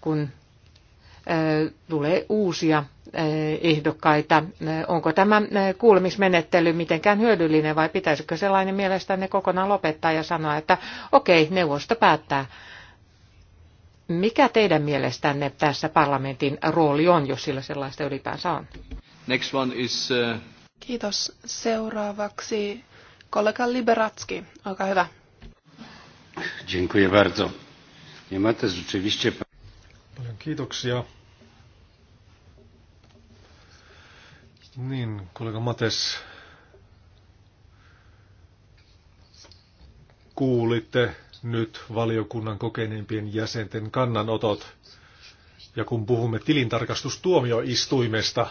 S3: kun tulee uusia ehdokkaita. Onko tämä kuulemismenettely mitenkään hyödyllinen vai pitäisikö sellainen mielestänne kokonaan lopettaa ja sanoa, että okei, neuvosto päättää. Mikä teidän mielestänne tässä parlamentin rooli on, jos sillä sellaista ylipäänsä on?
S2: Next one is, uh...
S1: Kiitos. Seuraavaksi kollega Liberatski, Olkaa hyvä.
S2: Dziękuję bardzo. Nie ma też Paljon kiitoksia. Niin, kollega Mates, kuulitte nyt valiokunnan kokeneimpien jäsenten kannanotot. Ja kun puhumme tilintarkastustuomioistuimesta,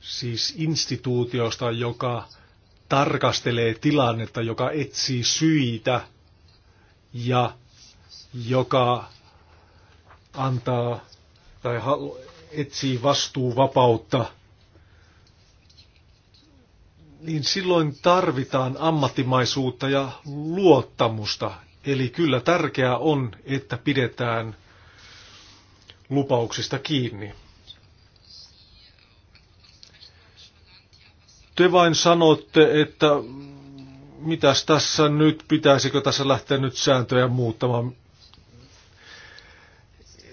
S2: siis instituutiosta, joka tarkastelee tilannetta, joka etsii syitä ja joka antaa tai haluaa etsii vastuuvapautta, niin silloin tarvitaan ammattimaisuutta ja luottamusta. Eli kyllä tärkeää on, että pidetään lupauksista kiinni. Te vain sanotte, että mitäs tässä nyt, pitäisikö tässä lähteä nyt sääntöjä muuttamaan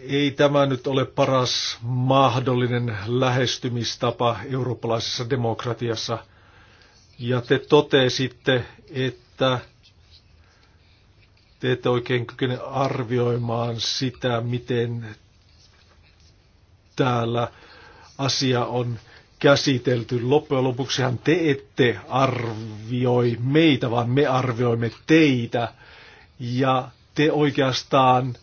S2: ei tämä nyt ole paras mahdollinen lähestymistapa eurooppalaisessa demokratiassa. Ja te totesitte, että te ette oikein kykene arvioimaan sitä, miten täällä asia on käsitelty. Loppujen lopuksihan te ette arvioi meitä, vaan me arvioimme teitä. Ja te oikeastaan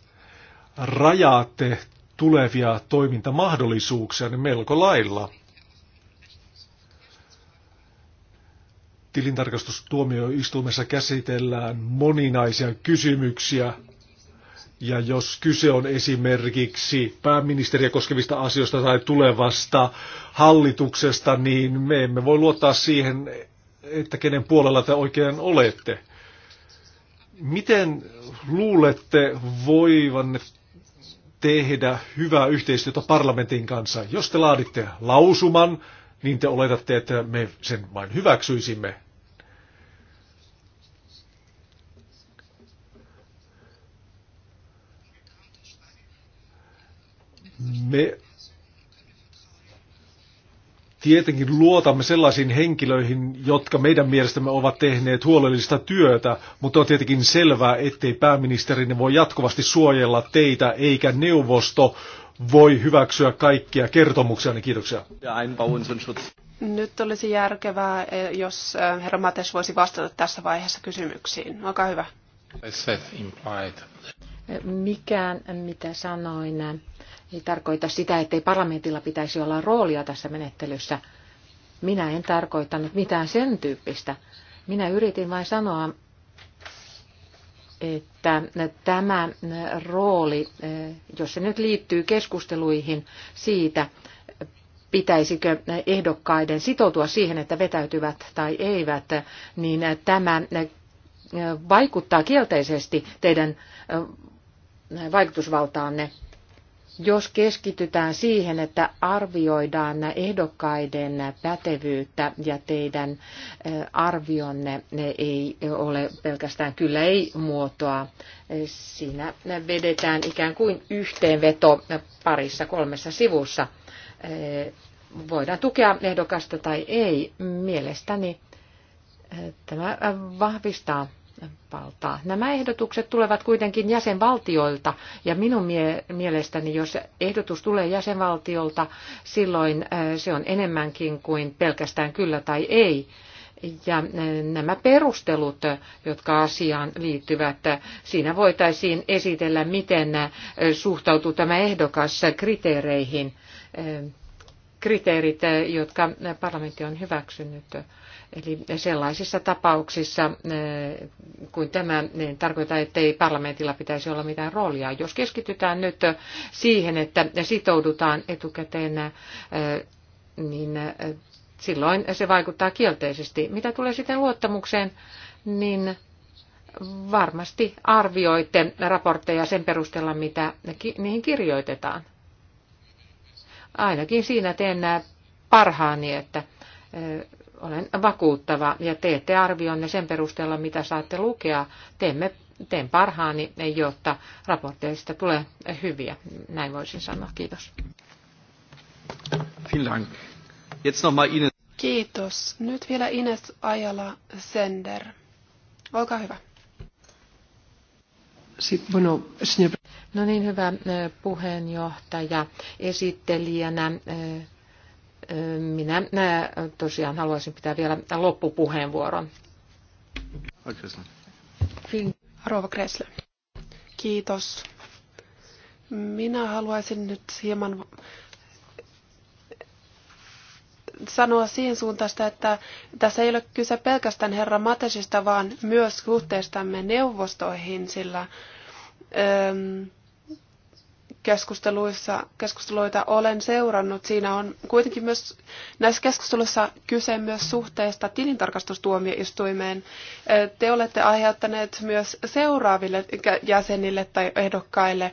S2: rajaatte tulevia toimintamahdollisuuksia niin melko lailla. Tilintarkastustuomioistuimessa käsitellään moninaisia kysymyksiä, ja jos kyse on esimerkiksi pääministeriä koskevista asioista tai tulevasta hallituksesta, niin me emme voi luottaa siihen, että kenen puolella te oikein olette. Miten luulette voivanne tehdä hyvää yhteistyötä parlamentin kanssa. Jos te laaditte lausuman, niin te oletatte, että me sen vain hyväksyisimme. Me tietenkin luotamme sellaisiin henkilöihin, jotka meidän mielestämme ovat tehneet huolellista työtä, mutta on tietenkin selvää, ettei pääministerinne voi jatkuvasti suojella teitä eikä neuvosto voi hyväksyä kaikkia kertomuksia. Niin kiitoksia.
S1: Nyt olisi järkevää, eh, jos eh, herra Mates voisi vastata tässä vaiheessa kysymyksiin. Olkaa hyvä.
S3: Eh, mikään, mitä sanoin, ei tarkoita sitä, ettei parlamentilla pitäisi olla roolia tässä menettelyssä. Minä en tarkoittanut mitään sen tyyppistä. Minä yritin vain sanoa, että tämä rooli, jos se nyt liittyy keskusteluihin siitä, pitäisikö ehdokkaiden sitoutua siihen, että vetäytyvät tai eivät, niin tämä vaikuttaa kielteisesti teidän vaikutusvaltaanne jos keskitytään siihen, että arvioidaan ehdokkaiden pätevyyttä ja teidän arvionne ne ei ole pelkästään kyllä ei muotoa, siinä vedetään ikään kuin yhteenveto parissa kolmessa sivussa. Voidaan tukea ehdokasta tai ei. Mielestäni tämä vahvistaa valtaa. Nämä ehdotukset tulevat kuitenkin jäsenvaltioilta ja minun mie- mielestäni, jos ehdotus tulee jäsenvaltiolta, silloin äh, se on enemmänkin kuin pelkästään kyllä tai ei. Ja äh, nämä perustelut, jotka asiaan liittyvät, äh, siinä voitaisiin esitellä, miten suhtautuu tämä ehdokas kriteereihin, kriteerit, jotka parlamentti on hyväksynyt Eli sellaisissa tapauksissa eh, kuin tämä niin että ei parlamentilla pitäisi olla mitään roolia. Jos keskitytään nyt siihen, että sitoudutaan etukäteen, eh, niin eh, silloin se vaikuttaa kielteisesti. Mitä tulee sitten luottamukseen, niin varmasti arvioitte raportteja sen perusteella, mitä niihin kirjoitetaan. Ainakin siinä teen parhaani, että olen vakuuttava ja teette arvionne sen perusteella, mitä saatte lukea. Teemme, teen parhaani, jotta raporteista tulee hyviä. Näin voisin sanoa. Kiitos.
S1: Kiitos. Nyt vielä Ines Ajala Sender. Olkaa hyvä.
S3: No niin, hyvä eh, puheenjohtaja. Esittelijänä eh, minä tosiaan haluaisin pitää vielä loppupuheenvuoron.
S1: Rova Kressler. Kiitos. Minä haluaisin nyt hieman sanoa siihen suuntaan, että tässä ei ole kyse pelkästään herra Matesista, vaan myös suhteestamme neuvostoihin, sillä keskusteluissa, keskusteluita olen seurannut. Siinä on kuitenkin myös näissä keskusteluissa kyse myös suhteesta tilintarkastustuomioistuimeen. Te olette aiheuttaneet myös seuraaville jäsenille tai ehdokkaille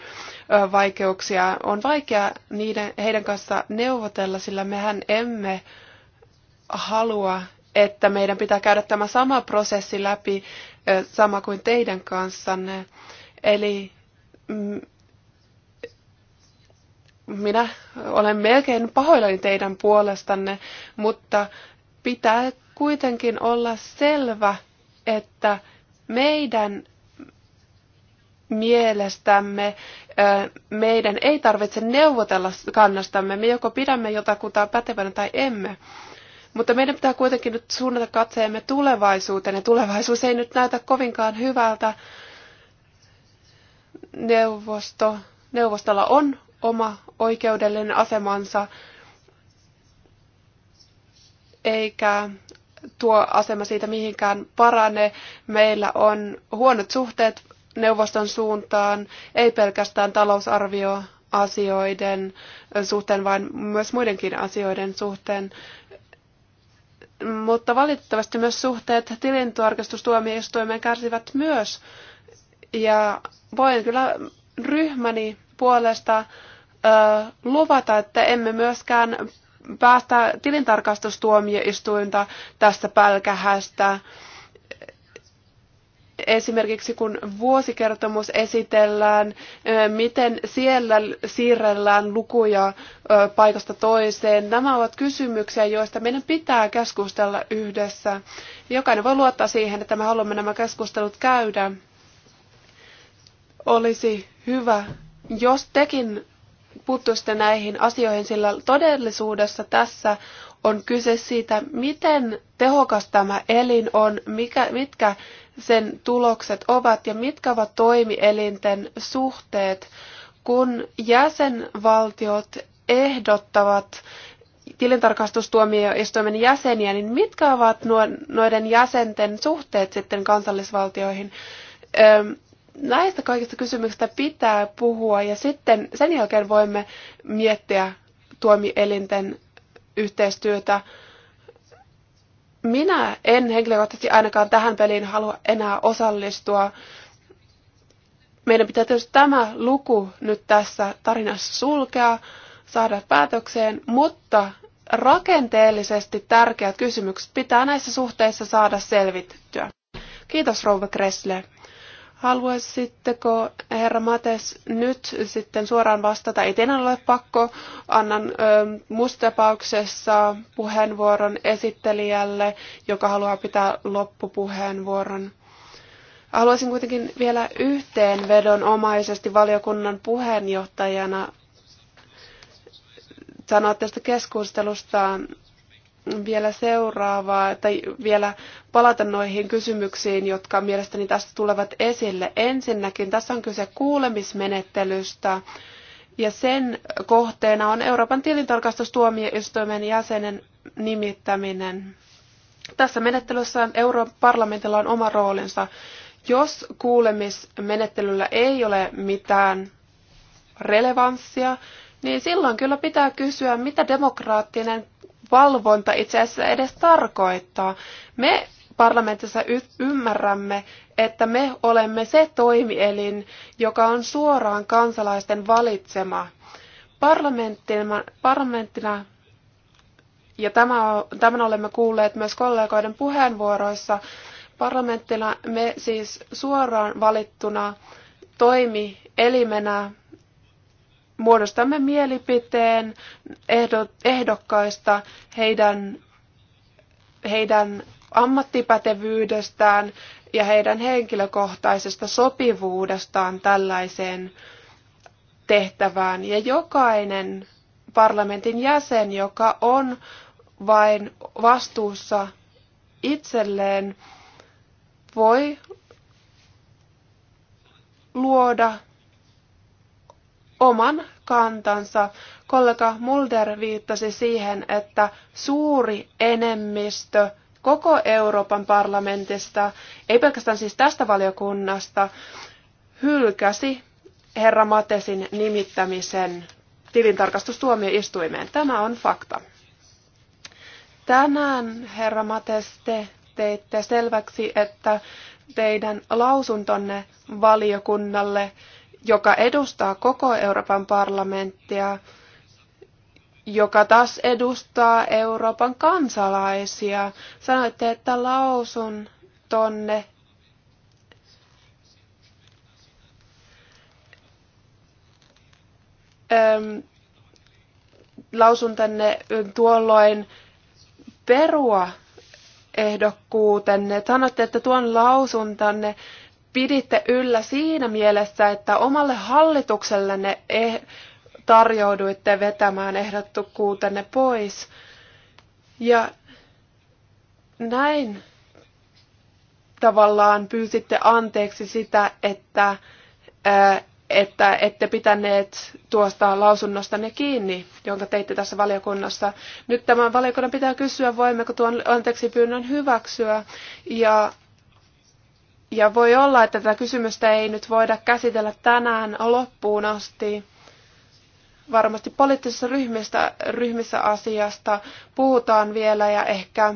S1: vaikeuksia. On vaikea niiden, heidän kanssa neuvotella, sillä mehän emme halua, että meidän pitää käydä tämä sama prosessi läpi sama kuin teidän kanssanne. Eli mm, minä olen melkein pahoillani teidän puolestanne, mutta pitää kuitenkin olla selvä, että meidän mielestämme meidän ei tarvitse neuvotella kannastamme. Me joko pidämme jotakuta pätevänä tai emme. Mutta meidän pitää kuitenkin nyt suunnata katseemme tulevaisuuteen, ja tulevaisuus ei nyt näytä kovinkaan hyvältä. Neuvosto, neuvostolla on oma oikeudellinen asemansa, eikä tuo asema siitä mihinkään parane. Meillä on huonot suhteet neuvoston suuntaan, ei pelkästään talousarvioasioiden suhteen, vaan myös muidenkin asioiden suhteen. Mutta valitettavasti myös suhteet tilintarkastustuomioistuimeen kärsivät myös. Ja voin kyllä ryhmäni puolesta luvata, että emme myöskään päästä tilintarkastustuomioistuinta tästä pälkähästä. Esimerkiksi kun vuosikertomus esitellään, miten siellä siirrellään lukuja paikasta toiseen. Nämä ovat kysymyksiä, joista meidän pitää keskustella yhdessä. Jokainen voi luottaa siihen, että me haluamme nämä keskustelut käydä. Olisi hyvä, jos tekin puuttuisitte näihin asioihin, sillä todellisuudessa tässä on kyse siitä, miten tehokas tämä elin on, mikä, mitkä sen tulokset ovat ja mitkä ovat toimielinten suhteet, kun jäsenvaltiot ehdottavat tilintarkastustuomioistuimen jäseniä, niin mitkä ovat noiden jäsenten suhteet sitten kansallisvaltioihin? näistä kaikista kysymyksistä pitää puhua ja sitten sen jälkeen voimme miettiä tuomielinten yhteistyötä. Minä en henkilökohtaisesti ainakaan tähän peliin halua enää osallistua. Meidän pitää tietysti tämä luku nyt tässä tarinassa sulkea, saada päätökseen, mutta rakenteellisesti tärkeät kysymykset pitää näissä suhteissa saada selvittyä. Kiitos Rouva Kressle. Haluaisitteko, herra Mates, nyt sitten suoraan vastata? Ei teidän ole pakko. Annan ö, mustapauksessa puheenvuoron esittelijälle, joka haluaa pitää loppupuheenvuoron. Haluaisin kuitenkin vielä yhteenvedonomaisesti valiokunnan puheenjohtajana sanoa tästä keskustelusta vielä seuraavaa, tai vielä palata noihin kysymyksiin, jotka mielestäni tästä tulevat esille. Ensinnäkin tässä on kyse kuulemismenettelystä, ja sen kohteena on Euroopan tilintarkastustuomioistuimen jäsenen nimittäminen. Tässä menettelyssä Euroopan parlamentilla on oma roolinsa. Jos kuulemismenettelyllä ei ole mitään relevanssia, niin silloin kyllä pitää kysyä, mitä demokraattinen valvonta itse asiassa edes tarkoittaa. Me parlamentissa y- ymmärrämme, että me olemme se toimielin, joka on suoraan kansalaisten valitsema. Parlamenttina, parlamenttina ja tämä, tämän olemme kuulleet myös kollegoiden puheenvuoroissa, parlamenttina me siis suoraan valittuna toimielimenä muodostamme mielipiteen ehdokkaista, heidän, heidän ammattipätevyydestään ja heidän henkilökohtaisesta sopivuudestaan tällaiseen tehtävään. Ja jokainen parlamentin jäsen, joka on vain vastuussa itselleen, voi luoda oman kantansa. Kollega Mulder viittasi siihen, että suuri enemmistö koko Euroopan parlamentista, ei pelkästään siis tästä valiokunnasta, hylkäsi herra Matesin nimittämisen tilintarkastustuomioistuimeen. Tämä on fakta. Tänään, herra Mates, te teitte selväksi, että teidän lausuntonne valiokunnalle joka edustaa koko Euroopan parlamenttia, joka taas edustaa Euroopan kansalaisia. Sanoitte, että lausun tonne äm, lausun tänne tuolloin perua ehdokkuutenne. Sanoitte, että tuon lausun tänne piditte yllä siinä mielessä, että omalle hallituksellenne e, tarjouduitte vetämään ehdottukuutenne pois. Ja näin tavallaan pyysitte anteeksi sitä, että, että ette pitäneet tuosta lausunnostanne kiinni, jonka teitte tässä valiokunnassa. Nyt tämän valiokunnan pitää kysyä, voimmeko tuon anteeksi pyynnön hyväksyä. Ja ja voi olla, että tätä kysymystä ei nyt voida käsitellä tänään loppuun asti. Varmasti poliittisissa ryhmissä, ryhmissä asiasta puhutaan vielä ja ehkä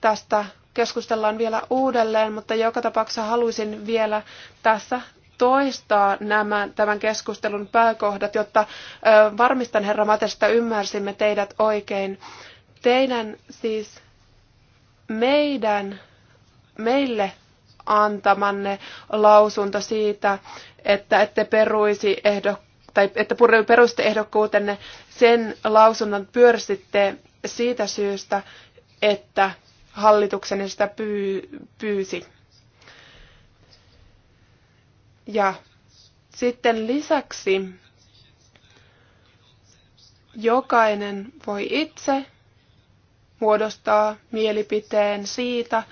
S1: tästä keskustellaan vielä uudelleen, mutta joka tapauksessa haluaisin vielä tässä toistaa nämä, tämän keskustelun pääkohdat, jotta ö, varmistan herra Matesta ymmärsimme teidät oikein. Teidän siis meidän, meille antamanne lausunto siitä, että ette peruisi ehdok- tai että peruste ehdokkuutenne, sen lausunnon pyörsitte siitä syystä, että hallituksenne sitä pyy- pyysi. Ja sitten lisäksi jokainen voi itse muodostaa mielipiteen siitä,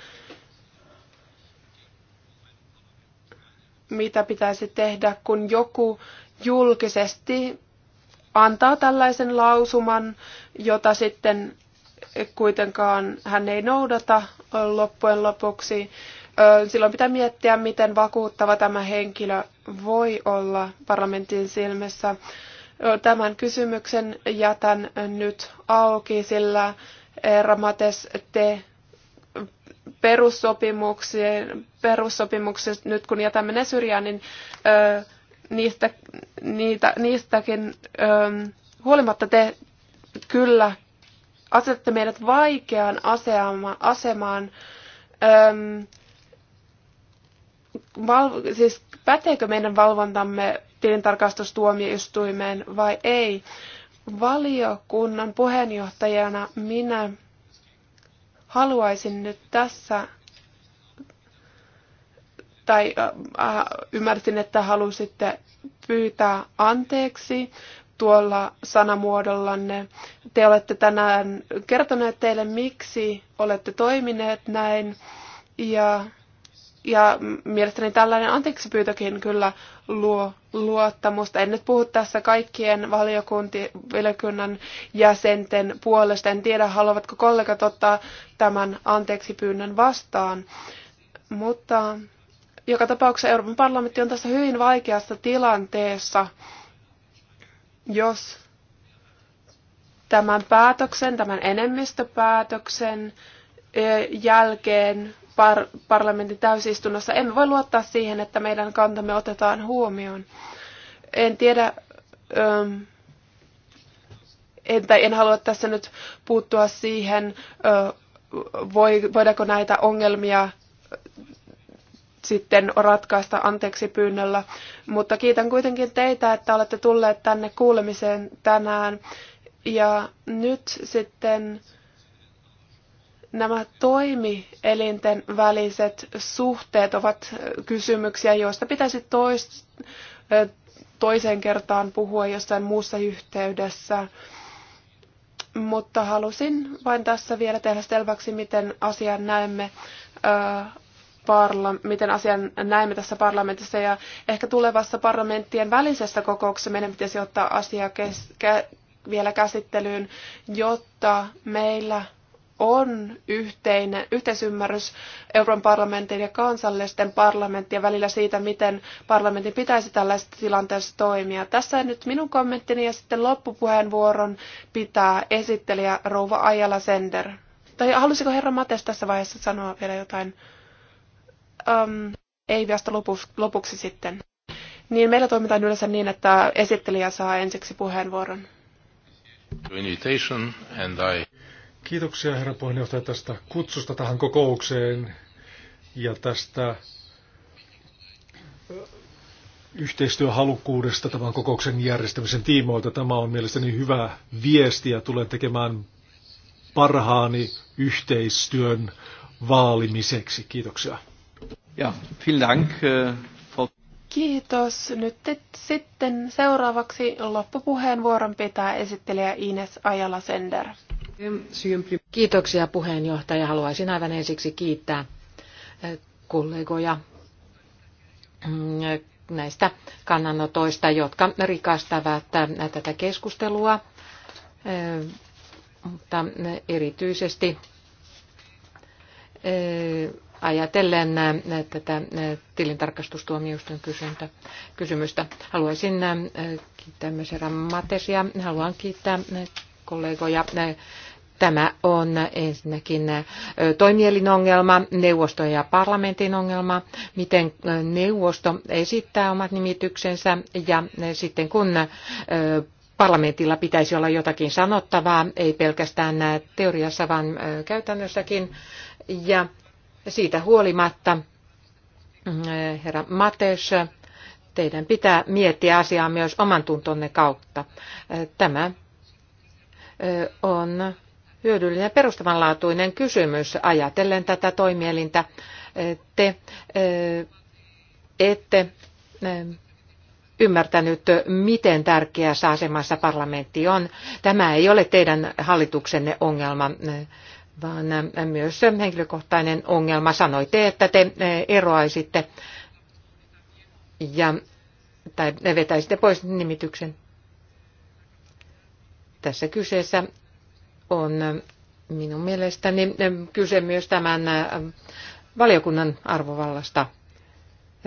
S1: mitä pitäisi tehdä, kun joku julkisesti antaa tällaisen lausuman, jota sitten kuitenkaan hän ei noudata loppujen lopuksi. Silloin pitää miettiä, miten vakuuttava tämä henkilö voi olla parlamentin silmissä. Tämän kysymyksen jätän nyt auki, sillä Ramates, te perussopimuksien, perussopimukset, nyt kun jätämme ne syrjään, niin ö, niistä, niitä, niistäkin ö, huolimatta te kyllä asette meidät vaikeaan asema, asemaan. Ö, val, siis päteekö meidän valvontamme tilintarkastustuomioistuimeen vai ei? Valiokunnan puheenjohtajana minä haluaisin nyt tässä, tai äh, äh, ymmärsin, että halusitte pyytää anteeksi tuolla sanamuodollanne. Te olette tänään kertoneet teille, miksi olette toimineet näin, ja ja mielestäni tällainen anteeksipyytökin kyllä luo luottamusta. En nyt puhu tässä kaikkien valiokunnan jäsenten puolesta. En tiedä, haluavatko kollegat ottaa tämän anteeksipyynnön vastaan. Mutta joka tapauksessa Euroopan parlamentti on tässä hyvin vaikeassa tilanteessa, jos tämän päätöksen, tämän enemmistöpäätöksen eh, jälkeen par- parlamentin täysistunnossa. Emme voi luottaa siihen, että meidän kantamme otetaan huomioon. En tiedä, öm, en, tai en halua tässä nyt puuttua siihen, ö, voi, voidaanko näitä ongelmia sitten ratkaista anteeksi pyynnöllä. Mutta kiitän kuitenkin teitä, että olette tulleet tänne kuulemiseen tänään. Ja nyt sitten Nämä toimielinten väliset suhteet ovat kysymyksiä, joista pitäisi tois, toiseen kertaan puhua jossain muussa yhteydessä. Mutta halusin vain tässä vielä tehdä selväksi, miten asian näemme, ää, parla- miten asian näemme tässä parlamentissa. Ja ehkä tulevassa parlamenttien välisessä kokouksessa meidän pitäisi ottaa asia kes- kä- vielä käsittelyyn, jotta meillä on yhteinen, yhteisymmärrys Euroopan parlamentin ja kansallisten parlamenttien välillä siitä, miten parlamentin pitäisi tällaisessa tilanteessa toimia. Tässä nyt minun kommenttini ja sitten loppupuheenvuoron pitää esittelijä Rouva Ajala Sender. Tai halusiko herra Mates tässä vaiheessa sanoa vielä jotain? Um, ei vasta lopuksi, lopuksi sitten. Niin meillä toimitaan yleensä niin, että esittelijä saa ensiksi puheenvuoron.
S2: Invitation and I... Kiitoksia herra puheenjohtaja tästä kutsusta tähän kokoukseen ja tästä yhteistyöhalukkuudesta tämän kokouksen järjestämisen tiimoilta. Tämä on mielestäni hyvä viesti ja tulen tekemään parhaani yhteistyön vaalimiseksi. Kiitoksia. Ja, vielen dank. Äh,
S1: Kiitos. Nyt sitten seuraavaksi loppupuheenvuoron pitää esittelijä Ines Ajala-Sender.
S3: Kiitoksia puheenjohtaja. Haluaisin aivan ensiksi kiittää eh, kollegoja mm, näistä kannanotoista, jotka rikastavat eh, tätä keskustelua, eh, mutta erityisesti ajatellen tätä tilintarkastustuomioistuin kysymystä. Haluaisin kiittää myös Matesia. Haluan kiittää kollegoja. Tämä on ensinnäkin toimielin ongelma, neuvosto ja parlamentin ongelma, miten neuvosto esittää omat nimityksensä ja sitten kun parlamentilla pitäisi olla jotakin sanottavaa, ei pelkästään teoriassa vaan käytännössäkin. Ja siitä huolimatta, mm, herra Mates, teidän pitää miettiä asiaa myös oman tuntonne kautta. Tämä on hyödyllinen perustavanlaatuinen kysymys ajatellen tätä toimielintä. Te ette ymmärtänyt, miten tärkeässä asemassa parlamentti on. Tämä ei ole teidän hallituksenne ongelma, vaan myös henkilökohtainen ongelma. Sanoitte, että te eroaisitte ja, tai vetäisitte pois nimityksen. Tässä kyseessä on minun mielestäni kyse myös tämän valiokunnan arvovallasta.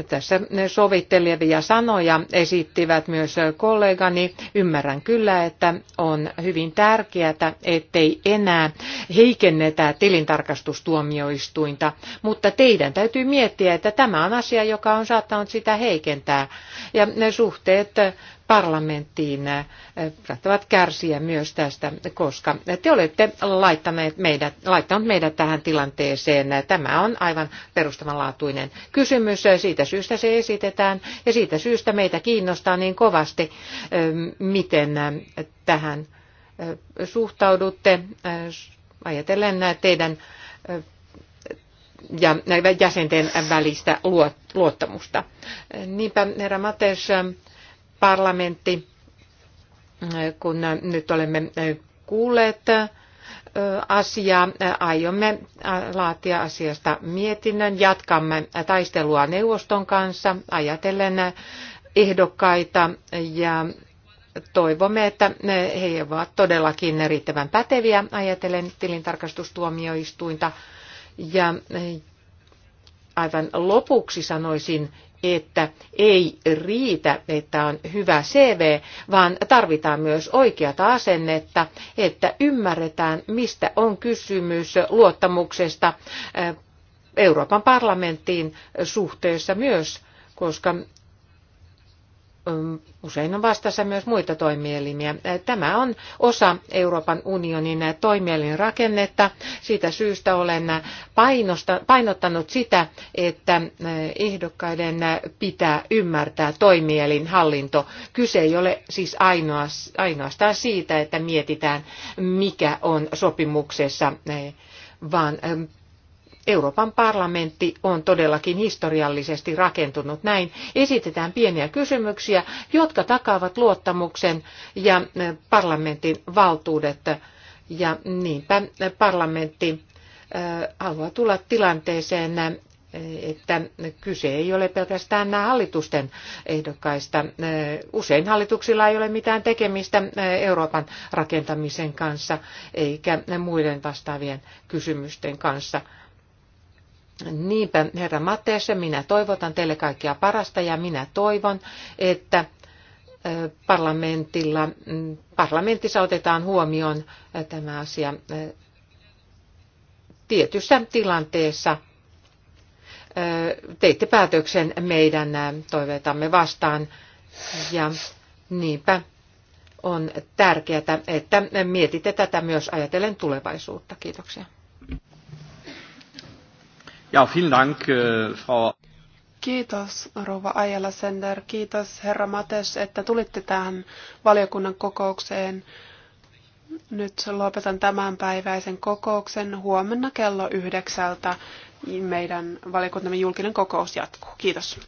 S3: Tässä sovittelevia sanoja esittivät myös kollegani. Ymmärrän kyllä, että on hyvin tärkeää, ettei enää heikennetä tilintarkastustuomioistuinta, mutta teidän täytyy miettiä, että tämä on asia, joka on saattanut sitä heikentää. Ja ne suhteet parlamenttiin eh, saattavat kärsiä myös tästä, koska te olette laittaneet meidät, laittanut meidät tähän tilanteeseen. Tämä on aivan perustavanlaatuinen kysymys. Siitä syystä se esitetään ja siitä syystä meitä kiinnostaa niin kovasti, eh, miten eh, tähän suhtaudutte ajatellen teidän ja jäsenten välistä luottamusta. Niinpä, herra Mates, parlamentti, kun nyt olemme kuulleet asiaa, aiomme laatia asiasta mietinnön. Jatkamme taistelua neuvoston kanssa ajatellen ehdokkaita ja toivomme, että he ovat todellakin riittävän päteviä ajatellen tilintarkastustuomioistuinta. Ja aivan lopuksi sanoisin, että ei riitä, että on hyvä CV, vaan tarvitaan myös oikeata asennetta, että ymmärretään, mistä on kysymys luottamuksesta eh, Euroopan parlamenttiin suhteessa myös, koska usein on vastassa myös muita toimielimiä. Tämä on osa Euroopan unionin toimielin rakennetta. Siitä syystä olen painottanut sitä, että ehdokkaiden pitää ymmärtää toimielin hallinto. Kyse ei ole siis ainoastaan siitä, että mietitään, mikä on sopimuksessa, vaan Euroopan parlamentti on todellakin historiallisesti rakentunut näin. Esitetään pieniä kysymyksiä, jotka takaavat luottamuksen ja eh, parlamentin valtuudet. Ja niinpä parlamentti eh, haluaa tulla tilanteeseen, eh, että kyse ei ole pelkästään nämä hallitusten ehdokkaista. Usein hallituksilla ei ole mitään tekemistä Euroopan rakentamisen kanssa eikä muiden vastaavien kysymysten kanssa. Niinpä, herra Mattees, minä toivotan teille kaikkea parasta ja minä toivon, että parlamentilla, mm, parlamentissa otetaan huomioon tämä asia tietyssä tilanteessa. Teitte päätöksen meidän toiveitamme vastaan ja niinpä on tärkeää, että mietitte tätä myös ajatellen tulevaisuutta. Kiitoksia.
S2: Ja, vielen Dank, äh, Frau.
S1: Kiitos, Rova Ajala Sender. Kiitos, herra Mates, että tulitte tähän valiokunnan kokoukseen. Nyt lopetan tämän päiväisen kokouksen. Huomenna kello yhdeksältä meidän valiokuntamme julkinen kokous jatkuu. Kiitos.